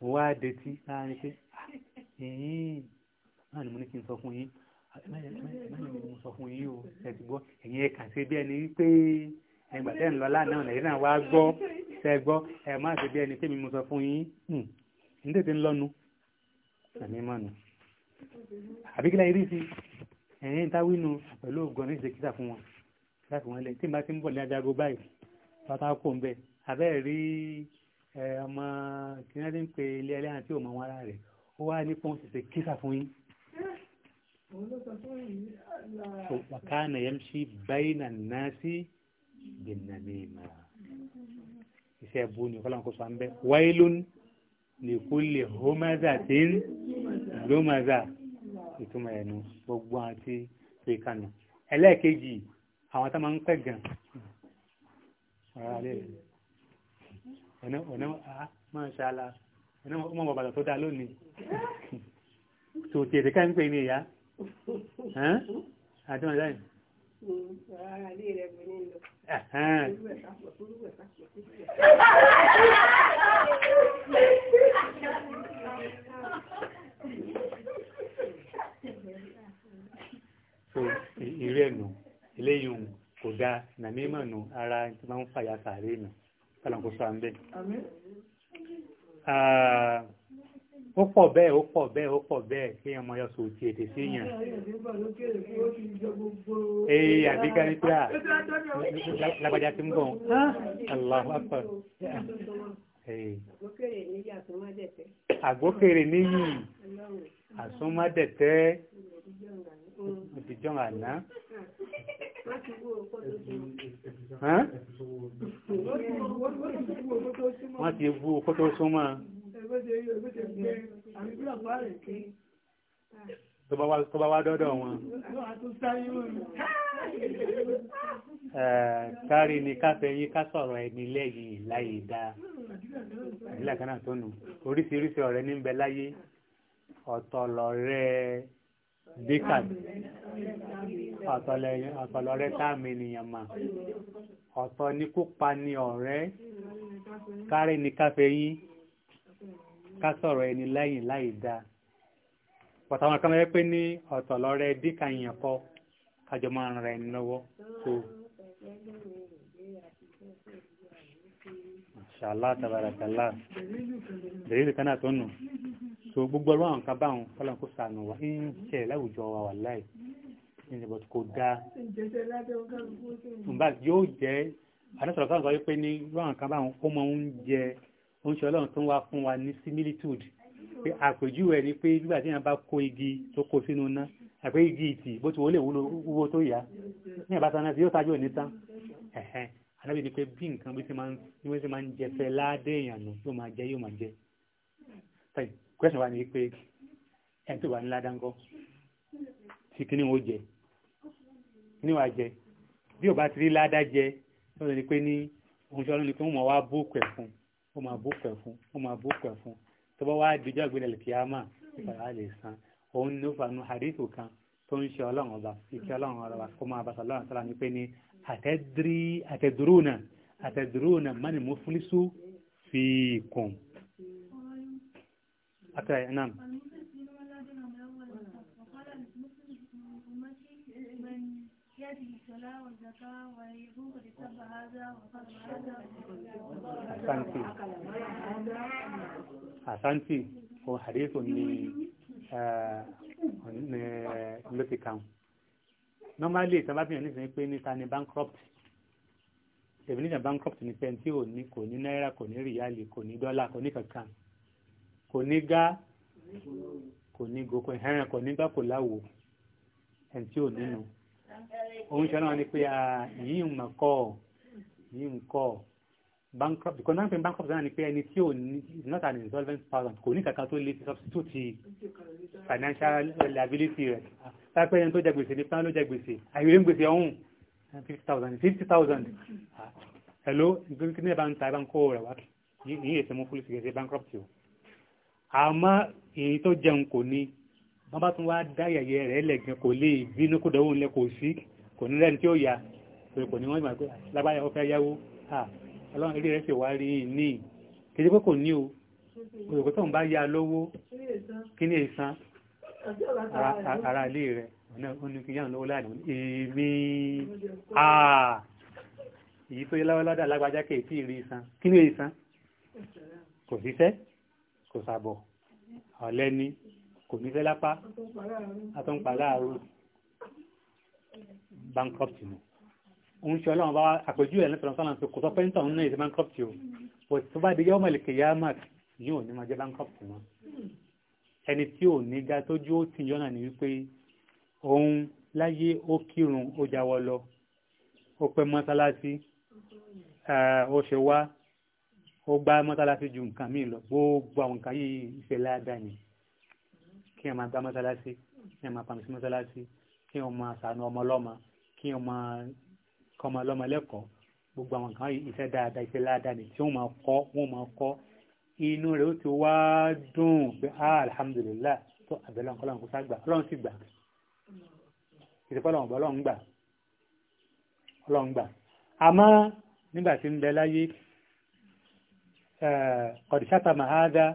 wí wá dẹ̀tí láàrin pé ah, ẹ̀yìn náà ni mo ní kí n sọ fún yín mẹ́rin ni mo sọ fún yín o ẹ̀sìn gbọ́ ẹ̀yìn ẹ̀kà ṣe bí ẹni wípé ẹ̀gbà tẹ́ ń lọ lánàá nàìjíríà náà wá gbọ́ ṣe gbọ́ ẹ̀ má ṣe bí ẹni pé mi mo sọ fún yín ń hmm. tètè ń lọ́nu àmì mọ́nu àbíkílẹ̀ irí sí i ẹ̀yìn táwínú pẹ̀lú ògùn ní ìṣèkítà fún wọn láti wọn lẹ tí n bá ti ń bọ̀ ní ajago báyìí pátákó ń bẹ abẹ́ rí ọmọ kìnìún ti ń pe ilé ẹlẹ́yà tí ò mọ wọn ara rẹ̀ ó wá ní pọ́n ṣẹṣẹ kíkà fún yín. wàkàna yamshi bayna nasi binnamima iṣẹ́ bu ni ọ̀kọ́lá kó sọ à ń bẹ́ wailun li kulli humazatin lumaza ìtumọ̀ ẹ̀nu gbogbo àti ìkànnì ẹlẹ́ẹ̀kejì àwọn tó máa ń pẹ́ gan ọ̀nà máa ń ṣàlá ọ̀nà ọmọ bàbàtà tó dá lónìí tó tí èdè ká ń pè ní ìyá àti wọn dáyìn Thank you. so ìrẹ́ nù eléyìí kò dáa nù ara tó máa ń fàyà sàárè nù kálọ̀kù sọ àmì ó pọ̀ bẹ́ẹ̀ ó pọ̀ bẹ́ẹ̀ ó pọ̀ bẹ́ẹ̀ kí mọ yọ sọ òtí ètè sí èèyàn. ee àbí kárí pé à lágbàjá ti ń bọ̀ Allahu àgbókèrè ìdíjọ́ àná. wọ́n ti wú okó tó súnmọ́. tó bá wá dọ́dọ̀ wọn. kárí ni káfẹ́ yí ká sọ̀rọ̀ ẹni lẹ́yìn láyé dáa. ìlàkánná tó nù oríṣiríṣi ọ̀rẹ́ ní ń bẹ láyé ọ̀tọ̀ lọ̀rẹ́ ẹ̀ díkàdì ọ̀tọ̀lọ́rẹ́ táàmì ènìyàn mà ọ̀tọ̀ ní kópa ní ọ̀rẹ́ kárẹ́ ní káfẹ́ yín kásọ̀rọ̀ ẹni lẹ́yìn láì dá pọ̀tàwọn kan mẹ́rẹ́ pé ní ọ̀tọ̀lọ́rẹ́ díkà yẹn kọ́ kájọ máa ń ra ẹni lọ́wọ́ so Masha Allah so gbogbo ọlọ́run àwọn kábà àwọn kọ́lá kó sànù wa ń ṣẹ̀ láwùjọ wa wà láì ní ìbọ̀tí kò dáa nígbà yóò jẹ́ àdásọ̀rọ̀ káwọn sọ wípé ní lọ́run kábà àwọn ó mọ oúnjẹ oúnjẹ ọlọ́run tó ń wá fún wa ní similitude pé àpèjúwe ni pé nígbà tí yẹn bá kó igi tó kó sínú ná àpé igi ìtì bó ti wọlé wúwo tó yá ní ìbátaná tí yóò sájú òní tán ẹ̀hẹ́n alábi ni pé bí nǹkan bí wọ́n ti máa ń jẹ fẹ́ ládé èèyàn yóò máa jẹ yóò máa jẹ kwẹ́sìn wa ni pé ẹ̀ tó wà ní ládàńgọ́ tí kí ni wọ́n jẹ ní wàá jẹ bí ò bá ti rí ládàá jẹ lọ́dọ̀ ni pé ní ohun tí ọlọ́run ni pé wọ́n máa wá bó pẹ̀ fún wọ́n máa bó pẹ̀ fún wọ́n máa bó pẹ̀ fún tó bá wá dijọ́ ìgbélé kìámà ìfàyà lè san òun ni ó fà nu àdéhùn kan tó ń ṣe ọlọ́run ọba ìkẹ́ ọlọ́run ọba kó máa bá sọlọ́run sọlá ni pé ní àtẹ̀dúrúnà àtẹ̀dúrúnà mánimú fúlísù fi kùn. أقرأ نعم Asanti. Asanti. Kwa hadithi ni lóti uh, kan. Normally, tí a bá bìyàn nísìnyí pé níta ni bankrupt. Definition bankrupt ni pé tí ò ní kò ní náírà, kò ní ríyálì, kò ní gá kò ní go kò hẹ́rìn kò ní gbá kò láwo ẹni tí ò nínú òun ṣe náà ni pé yìí ń kọ́ yìí ń kọ́ bankrupt because náà ń pè bankrupt náà ni pé ẹni tí ò ní is not an insolvent person kò ní kankan tó lè fi substitute financial liability rẹ̀ lápẹ́ ẹni tó jẹ gbèsè ní pẹ́ẹ́n ló jẹ gbèsè àyè ń gbèsè ọ̀hún fifty thousand fifty thousand hello nígbà tí ní ẹ̀ bá ń ta ẹ̀ bá ń kó rẹ̀ wá yìí èsì mú fúlùsì kẹsì bankrupt yìí àmọ́ èyí tó jẹun kò ní wọ́n bá tún wá dá yẹ̀yẹ́ rẹ̀ lẹ̀gbẹ̀ kò lè bínú kó dẹ̀wò ńlẹ̀ kò sí kò ní lẹ́ni tí ó yà pé kò ní wọ́n ìgbà pé lábáyà ó fẹ́ yáwó ọlọ́run eré rẹ̀ sì wá rí ní kejì pé kò ní o òyòkó tó ń bá yá lówó kí ní ìsan ara ilé rẹ̀ ọ̀nà kí yá lówó láàrin èmi àà èyí tó yẹ lọ́wọ́lọ́dà lágbájá kèé tí ì rí ìsan kí ní ìsan kò sí fẹ́ kò sàbọ̀ ọ̀lẹ́ni kò ní fẹ́ lápá àtúnpàdà àrùn bankrupt ni òun ṣe ọlọ́run bá àpèjú ẹ̀ lẹ́tọ̀ọ́ sọ́nà tó kò sọ pé nítorí náà ìṣe bankrupt o kò tó bá di yọ́mọ̀ ìlẹ̀kẹ̀ yá mark yóò ní máa jẹ́ bankrupt mọ́ ẹni tí ò ní ga tójú ó ti yọ́nà ni wípé òun láyé ó kírun ó jáwọ́ lọ ó pẹ́ mọ́sálásí ó ṣe wá ó gbá mọ́sálásí ju nǹkan míì lọ gbogbo àwọn nǹkan yìí ìfẹ́ láàdá ni kí ẹ máa gbá mọ́sálásí kí ẹ máa pàmì sí mọ́sálásí kí ẹ máa sànú ọmọ ọlọ́mọ kí ẹ máa kọ́ ọmọ ọlọ́mọ lẹ́kọ̀ọ́ gbogbo àwọn nǹkan yìí ìfẹ́ dáadáa ìfẹ́ láàdá ni tí wọ́n máa kọ́ wọ́n máa kọ́ inú rẹ̀ ó ti wá dùn pé alhamdulillah tó àbẹ̀lẹ̀ ọ̀kọ́ lọ́run kó sá gbà ọlọ́run sì gbà ìsìnkú ọlọ́run ọlọ́run gbà قد شتم هذا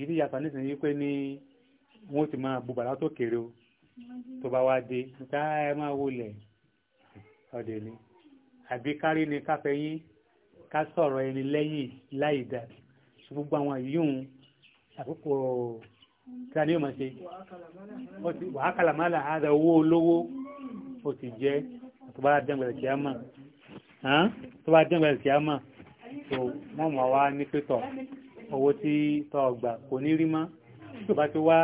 ìdí yàtọ̀ nísìnyí wípé ní wọ́n ti máa bùbà látó kéré o tó bá wá dé níta ah, ẹ máa wọlé ọ̀dẹ̀ ni àbí kárí ni káfẹ́ yín ká sọ̀rọ̀ ẹni lẹ́yìn láì dá gbogbo àwọn yíyún àkókò tí a ní ìmọ̀ ṣe wàhákàlà máa là á owó olówó ó ti jẹ́ tó bá dẹ́gbẹ̀rẹ̀ kìá mọ̀ so wọ́n mọ̀ wá ní pẹ́tọ̀ owó tí tọ́ ọgbà kò ní rí mọ́ tí ò bá ti wá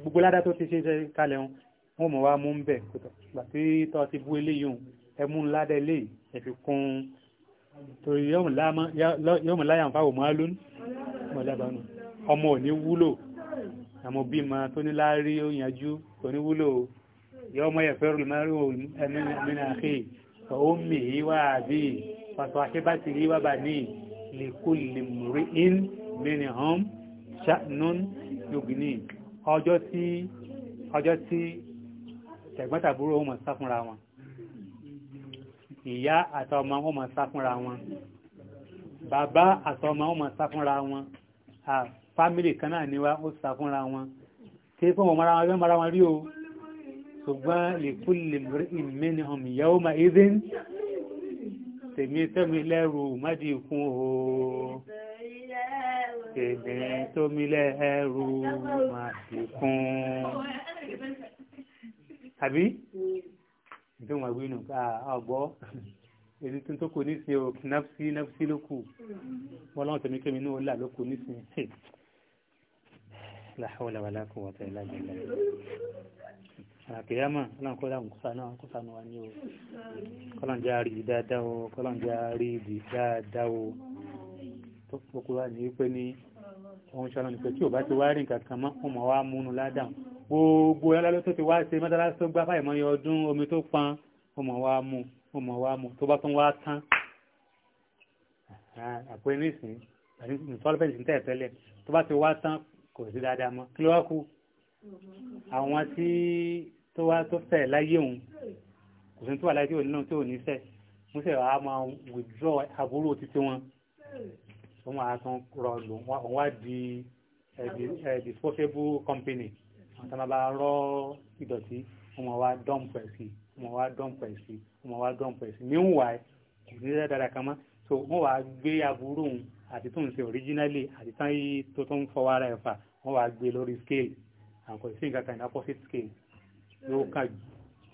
gbogbo ládá tó ti ṣe ṣe kalẹ̀ wọn wọ́n mọ̀ wá mú ń bẹ̀ pẹ́tọ̀ gbà tí tọ́ ti bú eléyìí hùn ẹ ládá eléyìí ẹ kún torí yọ́mù láyà ń fáwọ̀ máa lónìí mọ̀lábàánu ọmọ ò ní wúlò àmọ́ bí ma tó ní láárí ó yanjú kò ní wúlò yọ́mọ yẹ̀fẹ́ rò máa rí òun ẹni àkè ọ̀hún mìí wá àbí وصاحبته وبنيه لكل امرئ منهم شأن يغنيه ọjọ́ tí ọjọ́ tí tẹ̀gbọ́ntàbúrò ó máa sá fúnra wọn ìyá àtọmọ ó máa sá fúnra wọn bàbá àtọmọ ó máa wọn à fámílì kan náà níwá ó sá wọn tí fún wọn mara wọn rí mara wọn rí o ṣùgbọ́n lè kú lè mìíràn mìíràn yawma idhin tèmi tẹ́mi lẹ́rù mẹ́dì fún o tèmi tómi lẹ́rù mẹ́dì fún àbí tó wà wínú ọgbọ́ èyí tó ń tó kò ní sí o náfsí náfsí ló kù wọ́n láwọn tèmi kẹ́mi ní ọlá ló kù ní sí láhàwọ́lá wà lákòwọ́tẹ̀ lágbẹ̀lẹ́ àkèyàmà ọlọ́nkọ́lá nkúsánà nkúsánà wa ní o kọ́lọ̀njá rí ibi dáadáa o kọ́lọ̀njá rí ibi dáadáa o tó kókó wá ní wípé ní ohun ṣọlọ́ ní pé tí ò bá ti wá rí nǹkan kan mọ́ ó mọ̀ wá múnú ládàá gbogbo ẹlẹ́lẹ́ tó ti wá ṣe mọ́tàlásí tó gbá fáìmọ́ yọ ọdún omi tó pan ó mọ̀ wá mú ó mọ̀ wá mú tó bá tún wá tán àpò nísìn ìfọ́lọ́fẹ́ǹsì ń tẹ̀ tẹ́lẹ̀ tó bá ti wá tán kò sí dáadáa mọ́ kí ló wá kú àwọn tí tó wá tó fẹ́ láyé òun kò sí tó wà láyé tí ò nínú tí ò ní fẹ́ wọ́n sì wá máa withdraw àbúrò títí wọn wọ́n máa tún rọ lò wọ́n wá di eh, eh, disposable company wọ́n tán bá rọ ìdọ̀tí wọ́n máa wá dump ẹ̀ sí wọ́n máa wá dump ẹ̀ sí wọ́n máa wá dump ẹ̀ sí meanwhile kò ní dáadáa kan mọ́ so wọ́n wá gbé àbúrò òun àti tó ń ṣe originally àti tán yìí tó tó ń fọwọ́ ara ẹ̀ fà wọ́n wá gbé lórí scale àkọsí nǹkan kan ní opposite scale yóò ká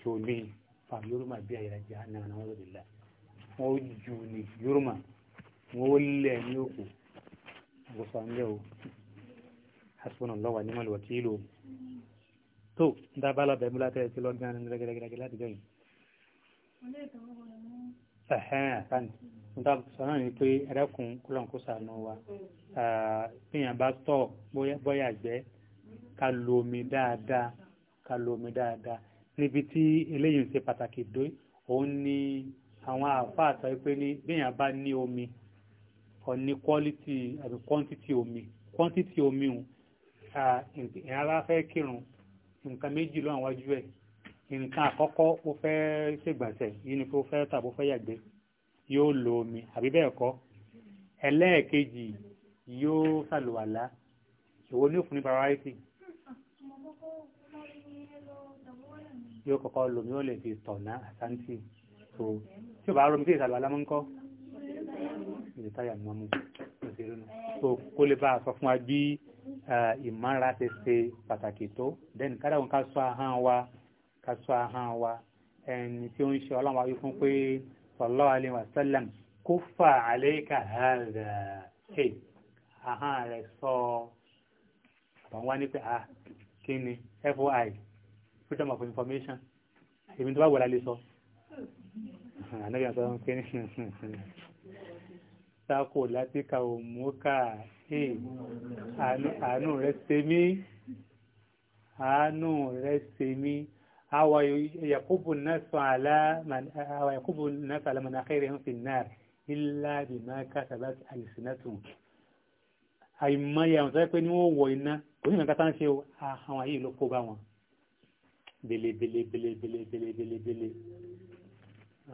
jòlè fa yorùmá bí ayẹyẹ jẹ anamọ náà wọn lè wọn ó jòlè yorùmá wọn ó lẹ ní òkú gbọsọ ń lẹ o hasbunallahu wa ni'mal wakil tó dábàá lọbẹ múlá tẹ ẹ ti lọ gán ní gẹgẹgẹgẹ láti jọyìn. ẹhẹn àkànní wọn dá sọnà ní pé ẹrẹkùn kúlọǹkù sànù wa pínyàn bá tọ bóyá àgbẹ ká lo omi dáadáa ká lo omi dáadáa níbi tí eléyìí ń ṣe pàtàkì dé òun ni àwọn àáfàá sọ pé ní béèyàn bá ní omi ọ̀ní quality àbí quantity omi quantity omi òun ìyẹn ara fẹ́ kírun nǹkan méjì lọ́wọ́ àwájú ẹ̀ nǹkan àkọ́kọ́ ó fẹ́ ṣègbàṣẹ̀ yìí ni pé ó fẹ́ tàbó fẹ́ yàgbẹ́ yóò lo omi àbí bẹ́ẹ̀ kọ́ ẹlẹ́ẹ̀kejì yóò ṣàlùwàlá ìwo ní òfin ní variety yóò kọ́kọ́ lomi ó lè fi tọ̀nà àsáǹtì tó tí ò bá romi tí ìsàlù alámọ́ńkọ́ ìdítáyà mọ́mú tó kó lè bá a sọ fún wa bí ìmọ̀ra ṣe ṣe pàtàkì tó then kára òun ká sọ ahọ́n wa ká sọ ahọ́n wa ẹni tí ó ń ṣe ọlọ́run wa wí fún pé sallallahu alaihi wasallam kuffa alayka hadha hey ahọ́n rẹ̀ sọ àwọn wá ní pé ah kí ni foi freedom of information èmi tó bá wọ̀lá lè sọ ànábìyàn tó ń pè ní sáàkò láti ka òmùúkà àánú rẹ̀ ṣe mí àánú rẹ̀ ṣe mí àwọ̀ yakubu nasa alamana akẹ́rẹ́ ń fi náà ilá bí máa kásàbá alìsínátù àìmọye àwọn tó yẹ pé ní wọ́n wọ iná kò ní ń ṣe ah, àwọn ayé ló kó bá wọn belebelebelebelebelebele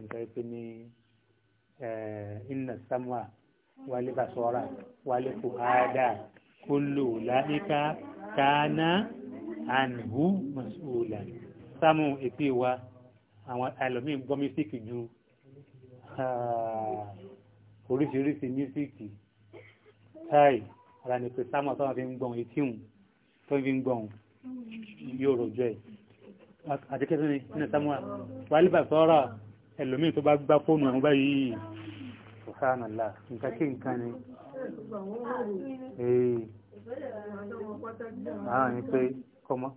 nǹkan ẹ pé ní eh, inna samwa wálé basọ́ra wálé fuhada kullu láìka kánà anhu mas'ula sámú ètè wa àwọn ẹlòmíì gbọ́ mísíkì ju ah, oríṣiríṣi mísíkì táì ara ni pé sámú àtàwọn fi ń gbọ̀n etí hùn tó fi ń gbọ̀n yóò rọ̀jọ́ ẹ̀ àti kẹsàn ni ní samuel wàlíbà sọ́rọ̀ ẹlòmíì tó bá gbá fóònù àwọn báyìí subhanallah nǹkan kí nǹkan ni àwọn ni pé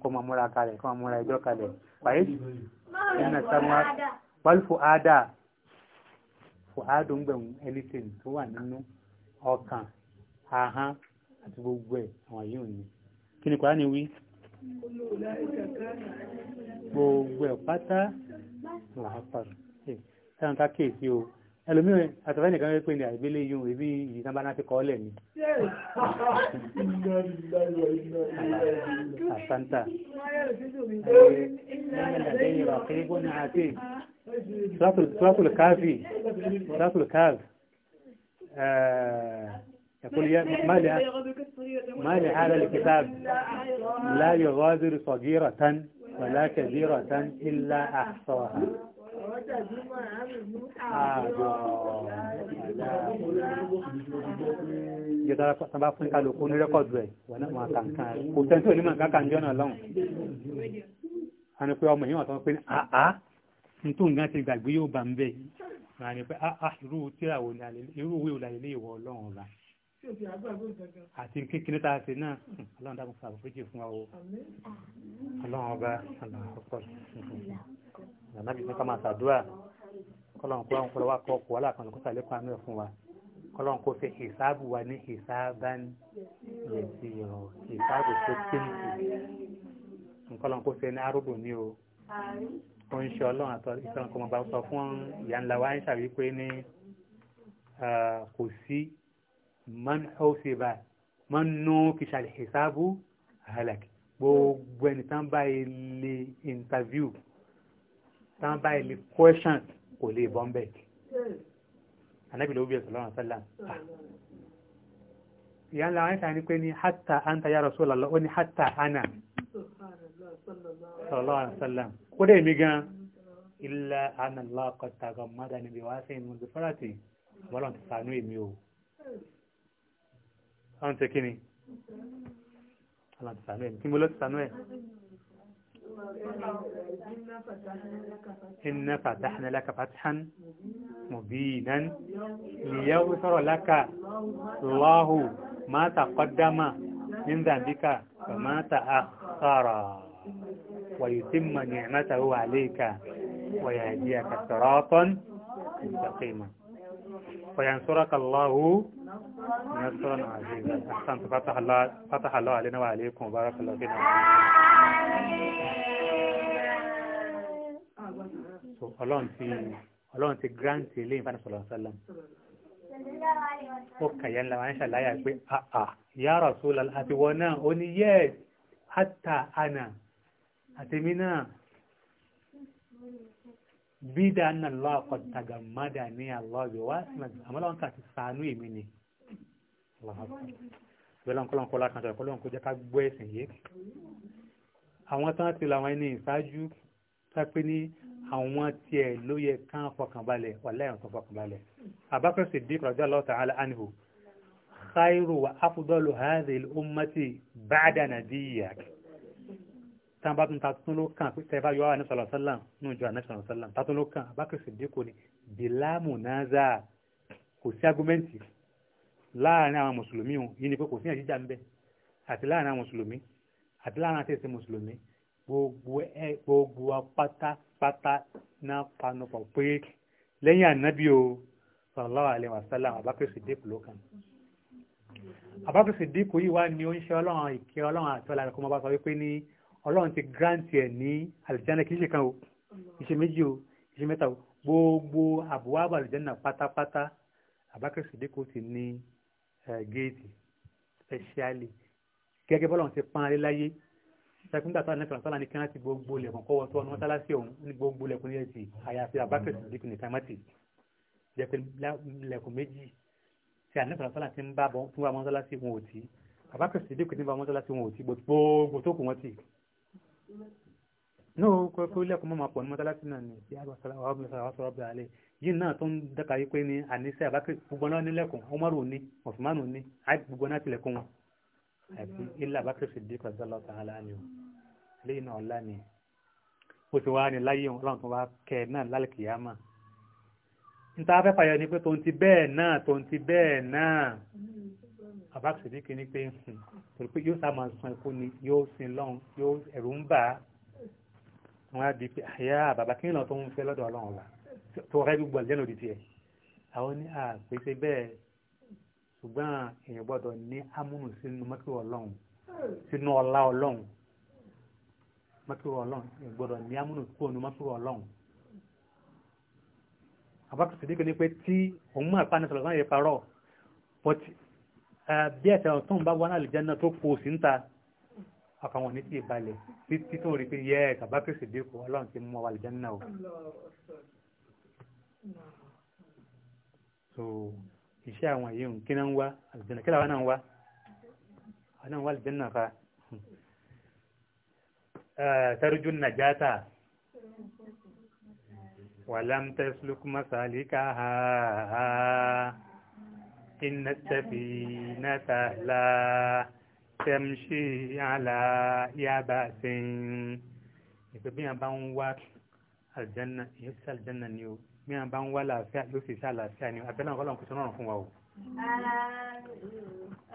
kọmọ múra kalẹ̀ kọmọ múra ẹjọ́ kalẹ̀ pàyé ní samuel wàlí fuada fuada ń gbẹ̀mú anything tó wà nínú ọkàn ahán àti gbogbo ẹ̀ àwọn yìí ò ní kí ni kò á ní wí gbogbo ẹ̀ pátá làápàá sáwọn ká kéèsì o ẹlòmíràn àtàwọn ẹnìkan wípé ní àìbílẹ̀ yóò ibi ìyí tán bá náà ti kọ́ ọ́lẹ̀ ni. àsántà sọ́kùlù káàfì sọ́kùlù káàfì يقول يا ما ما لهذا الكتاب لا يغادر صغيرة ولا كبيرة إلا أحصاها Ìjọba tán bá fún ìkàlùkù ní rẹ́kọ̀dù ẹ̀ wọ́n náà máa kàǹkàn rẹ̀. Kò tẹ́ tó ní máa kàǹkàn jọ́nà lọ́hùn. A ní pé ọmọ ìyíwọ̀n tán pé àá ní tó nǹkan ti gbàgbé yóò bá ń bẹ̀. A ní pé àá irú tíra wo ni àlè irú ìwé òlàlélé ìwọ̀ ọlọ́run ọ̀la àti kékeré tá a ṣe náà hmm, ọlọ́run dákun fún àbúrújì fún wa o ọlọ́run ọba ọlọ́run ọkọ nàbí ní ká máa ṣàdúrà kọ́lọ́run kó àwọn kọ́lọ́wà kọ́ ọkọ̀ wàhálà kan kó sàlékún àánú ẹ̀ fún wa kọ́lọ́run kó fi ìsáàbù wa ní ìsáàbán lè ti ọ̀ ìsáàbù tó tẹ́ǹtì kọ́lọ́run kó fi ní arúgbó ní o ó ń ṣe ọlọ́run àtọ́ ìṣọ́run kọ́mọba sọ fún ìyá ńlá wa ń ṣàwí pé ní man hosiba man nukisha alhisabu halak gbogbo ẹni tán bá ilé interview tán bá ilé questions kò lè bọ́ mbẹ́ anabi ló bí ẹ̀sọ̀ lọ́rùn sálà ìyá ńlá wọn ní pé ní hata anta ya Rasulullah ó ní hata ana sallallahu alaihi wasallam kódà èmi gan illa ana Allah qad taghammadani bi wasi'in min dhifarati bọ́lọ̀ ti sànú o àwọn tẹ kí ni aláǹtí sànú ẹ̀ kí mo lọ́ti sànú ẹ̀ inna fatahna laka fathan mubinan liyaghfira laka Allahu ma taqaddama min dhanbika wa ma ta'akhkhara wa yutimma ni'matahu 'alayka wa yahdiyaka siratan mustaqima وينصرك الله نصرا عزيزا أحسنت فتح الله فتح الله علينا وعليكم وبارك الله فينا so Ọlọ́run ti Ọlọ́run ti grant ilé ìfàdà sọlọ sọlọ ó kàyà ńlá wọn ṣàlàyé yà pé àà ya Rasulullah àti wọn náà ó ní yẹ hàtà àná àtẹmí náà bídà náà lọ àkọ́tàgà mádà ní àlọ́ọ̀bì wá sí màdì àmọ́ lọ́wọ́n kà ti sànú èmi ni ìwẹ́lọ́nkọ́lọ́nkọ́ láti àtàkọ́ lọ́wọ́n kó jẹ́ ká gbọ́ ẹ̀sìn yé àwọn tán ti làwọn ẹni ìṣáájú tápé ní àwọn tiẹ̀ ló yẹ ká fọkànbalẹ̀ wà lẹ́yìn tó fọkànbalẹ̀ àbákẹ́sì dí kọ̀ọ̀dọ́ lọ́ta aláàánihù khairu wa afdalu hadhihi al-ummati ba'da nabiyyik tán bá tún tatún ló kàn pé tẹ́ bá yọ àwọn ẹnìsọ̀rọ̀ sálàm ní ìjọ ànẹ́sọ̀rọ̀ sálàm tatún ló kàn abákẹ́ sèdíkò ni bìlámù náza kò sí agúmẹ́ǹtì láàrin àwọn mùsùlùmí o yìí ni pé kò sí ẹ̀yìn jíjà ń bẹ àti láàrin àwọn mùsùlùmí àti láàrin àti ẹ̀sìn mùsùlùmí gbogbo ẹ gbogbo pátápátá náà panupọ̀ pé lẹ́yìn ànábì o sallallahu alaihi wasallam abákẹ́ sèdíkò ló kàn abákẹ́ sèdíkò yìí wá ní oníṣẹ́ ọlọ́run ìkẹ́ ọlọ́run àti ọlọ́run kó máa bá sọ wípé ní ọlọ́run ti grant ẹ̀ ní àlìjáná kì í ṣe kan o kì í ṣe méjì o kì í ṣe mẹ́ta o gbogbo àbúwábà àlìjáná pátápátá àbákẹ́sì dínkù ti ní géètì especially gẹ́gẹ́ bọ́lọ́run ti pọ́n alẹ́ láyé sẹ́kùn gbàtà ní fìlà sọ́la ní kí wọ́n ti gbogbo lẹ̀kùn kọ́wọ́ tó ọ̀nà mọ́sálásí ọ̀hún ní gbogbo lẹ̀kùn ní ẹ̀sìn àyàfi àbákẹ́sì dínkù nìkan mọ́tì lẹ̀kùn méjì tí àní fìlà sọ́la ti ń tí àbákẹ́sì bá náà kọ́ pé lẹ́kọ̀ọ́ máa pọ̀ ní mọ́tálásí náà ni bí àgbà sọ́lá wà bẹ̀rẹ̀ sọ́lá sọ́lá bẹ̀rẹ̀ alẹ́ yìí náà tó ń dẹ́ka yìí pé ní àníṣe àbákẹ́ gbogbo náà nílẹ̀kùn ọmọrò ní ọ̀sùnmánù ní gbogbo náà tilẹ̀kùn wọn àti ilé àbákẹ́ sì dé pẹ̀lú sọ́lá ọ̀tàn alá ni o lẹ́yìn náà ọ̀la ni o ti wá ní láyé wọn ọlọ́run tó wá kẹ́ náà lálẹ́ kìyàmá bàbá sèdíkì ni pé hmm, torí pé yóò sábà sun ẹkú ni yóò sin lọ́hùn yóò ẹ̀rù ń bà á wọn á di pé àyà bàbá kí nìyàn tó ń fẹ́ lọ́dọ̀ ọlọ́run ọba tó rẹ́ gbogbo àlùjẹ́ lòdì tiẹ̀ àwọn ní àpèsè bẹ́ẹ̀ ṣùgbọ́n èèyàn gbọ́dọ̀ ní amúnù sínú mọ́tò ọlọ́run sínú ọlá ọlọ́run mọ́tò ọlọ́run èèyàn gbọ́dọ̀ ní amúnù kúrò ní mọ́tò ọlọ́run àbákùsídìkì ni pé tí òun mọ̀ àpánìsọ̀rọ̀ sáyẹn parọ́ bí ẹ̀tẹ̀wọ̀n tó ń bá wọ́n àlìjánná tó kó sí ń ta àfàwọn ní ti ìbalẹ̀ títí tó ń rí pé yẹ bàbá kìrìsì dé kò ọlọ́run ti mú wa àlìjánná o. so iṣẹ́ àwọn yìí ń kíná ń wá àlìjánná kí làwọn náà ń wá àwọn náà ń wá àlìjánná fa eh, tarjú nàjátà wàlámtẹ́sílùkùmọ́sálíkà ha ha. إن السفينة لا تمشي على يابس ìpè bí yàn bá ń wá àlùjáná yóò sí àlùjáná ni o bí yàn bá ń wá làáfíà yóò sì sí àlàáfíà ni o abẹ́lẹ́ àwọn kọ́lọ́n kò sọ́nà ọ̀rùn fún wa o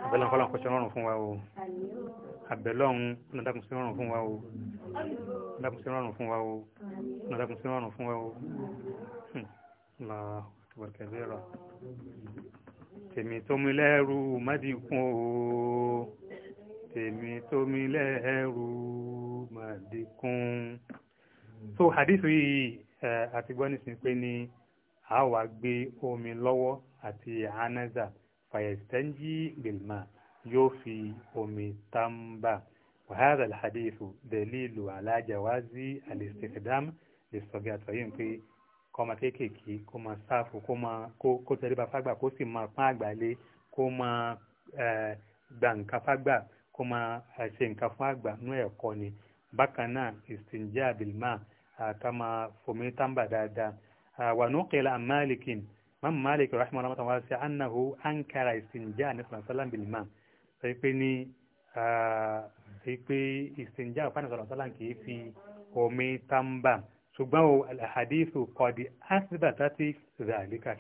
abẹ́lẹ́ àwọn kọ́lọ́n kò sọ́nà ọ̀rùn fún wa o abẹ́lẹ́ ọ̀hún ọ̀nà dàkùn sí ọ̀rùn fún wa o dàkùn sí ọ̀rùn fún wa o ọ̀nà dàkùn sí ọ̀rùn fún wa o tèmi tó mi lẹ́rù mádìkún o tèmi tó lẹ́rù mádìkún. so hadith yìí àti gbọ́ nísìnyí pé ní a wá gbé omi lọ́wọ́ àti anaza fayestẹ́njì bilma yóò fi omi tàǹbà. وهذا الحديث دليل على جواز الاستخدام للصبيات فيمكن kọ́ máa kéékèèké kó máa sáfù kó máa kó tẹríba fágbà kó sì máa pán àgbà lé kó máa gba nǹkan fágbà kó máa ṣe nǹkan fún àgbà nú ẹ̀kọ́ ni bákan náà ìsìnjẹ́ àbìlmá ká máa fòmí tàǹbà dáadáa wà ní òkèlè àmàlìkì mọ́mú màlìkì rahman rahman wa ṣe annahu ankara ìsìnjẹ́ àníṣàn sálàm bìlmá sọ pé ní sọ pé ìsìnjẹ́ àpánisọ̀rọ̀ sálàm kì í fi omi tàǹbà. ṣùgbọ́n o àdìsù kọ̀dí asibàtàtì zàlíkà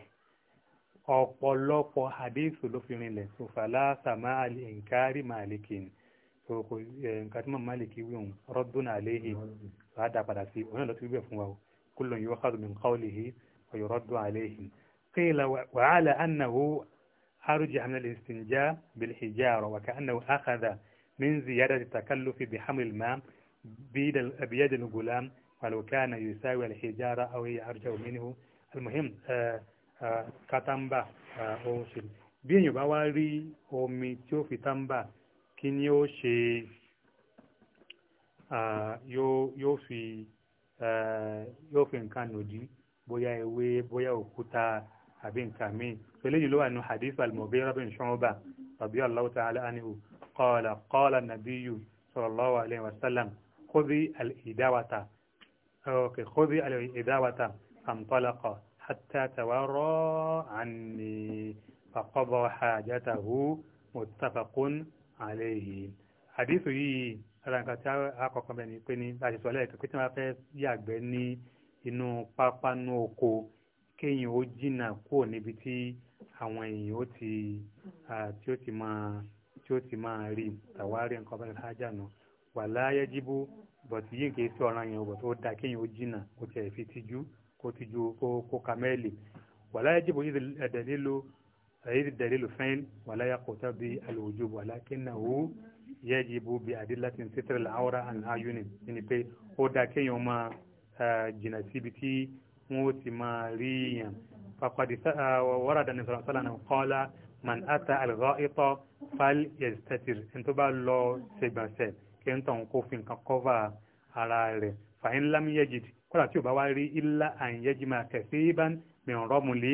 ọ̀pọ̀lọpọ̀ àdìsù ló fi rinlẹ̀ tó fàlà sàmà àlè nkárì màlìkì kò nǹkan tí mo màlìkì wí òun rọ́dún àléhì wàá dà padà sí òun náà lọ́ọ́ ti mo maliki wi rodun alehi waa da pada si oun naa wiwe fun wa kúlò yóò xadù mí nkọ́ọ̀lìhì ọ̀yọ̀ rọ́dún àléhì qila wàhálà annahu أرجع من الاستنجاء بالحجارة وكأنه أخذ من زيادة التكلف بحمل الماء بيد الغلام ولو كان يساوي الحجارة أو هي أرجو منه المهم katamba ohun ṣe bí èèyàn bá wá rí omi tí ó fi tamba kí ni ó ṣe yóò fi yóò fi nǹkan nòdí bóyá ewé bóyá òkúta àbí nǹkan míì tó léyìí ló wà hadith al-Mughira bin Shu'ba radiyallahu ta'ala anhu qala qala an-nabiyyu sallallahu alayhi wa sallam khudhi al-idawata. أوكي خذي الإداوة فانطلق حتى تورى عني فقضى حاجته متفق عليه حديث yìí ara nǹkan tí àkọ́kọ́ bẹ́ẹ̀ ni pé ní láti sọ lẹ́ẹ̀kan pé tí wọ́n fẹ́ yàgbẹ́ ní inú pápánú oko kéèyàn ó jìnnà kúrò níbi tí àwọn èèyàn ó ti tí ó ti máa tí ó ti máa rí tàwárí nǹkan bẹ́ẹ̀ hájà nù wàlá yajibu bọ̀tí yìí kìí sí ọ̀ràn yẹn bọ̀tí ó da kéèyàn ó jìnnà kó tiẹ̀ fi tijú kó tijú kó kamẹ́lì wàlá yẹjì bó yìí dalilu yìí dalilu fẹ́ẹ́n wàlá yà kó tàbí alòjú wàlá kínáwó yẹjì bó bi adilatin sitiri làwọra àná ayúni ẹni pé ó da kéèyàn máa jìnnà síbi tí wọ́n ti máa rí yàn fàkàdì wàrà dání sọ̀rọ̀ sọ̀rọ̀ náà kọ́lá man ata algha'ita fal yastatir ẹni tó kẹ́ńtọ̀ kó fi nǹkan kọ́fà ara rẹ̀ fàyín lámìyẹ́jìd kọ́lá tí ò bá wá rí ilá àyẹ́jì máa kẹ̀sí bá mìíràn rọ́mùlé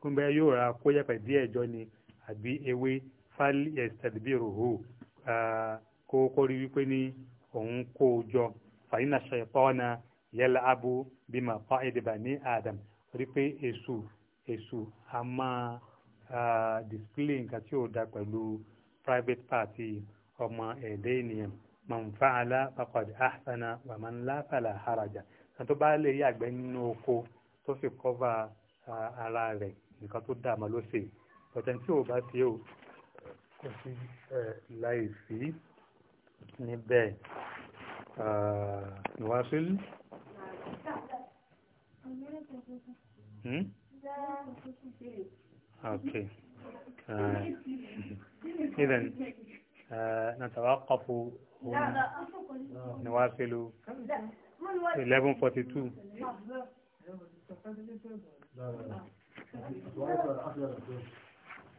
kúnbẹ́ yóò ra kó yẹ̀pẹ̀ díẹ̀ jọ ni àbí ewé fálí ẹ̀sẹ̀dìbìrò hù kó kó rí wípé ní òun kó o jọ fàyín náà ṣàìpọ́nà yẹlẹ abo bí mà pa ìdìbà ní adam rí pé èṣù èṣù a máa display nǹkan tí ò da pẹ̀lú private party ọmọ ẹ̀dẹ́ ènìyàn man fa'ala faqad ahsana wa man la fala haraja ẹni tó bá lè rí àgbẹ̀ nínú oko tó fi kọ́va ara rẹ̀ nǹkan tó dààmú ló ṣe bọ̀tẹ́ tí ò bá ṣe ò kò sí láì sí níbẹ̀ nùwásíl. Hmm? Okay. Uh, إذن uh, نتوقف نواصل 1142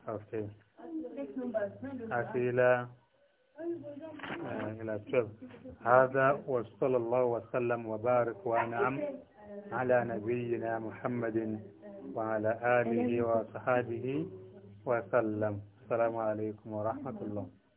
اوكي أسئلة إلى هذا وصلى الله وسلم وبارك وأنعم على نبينا محمد وعلى آله وصحابه وسلم السلام عليكم ورحمة الله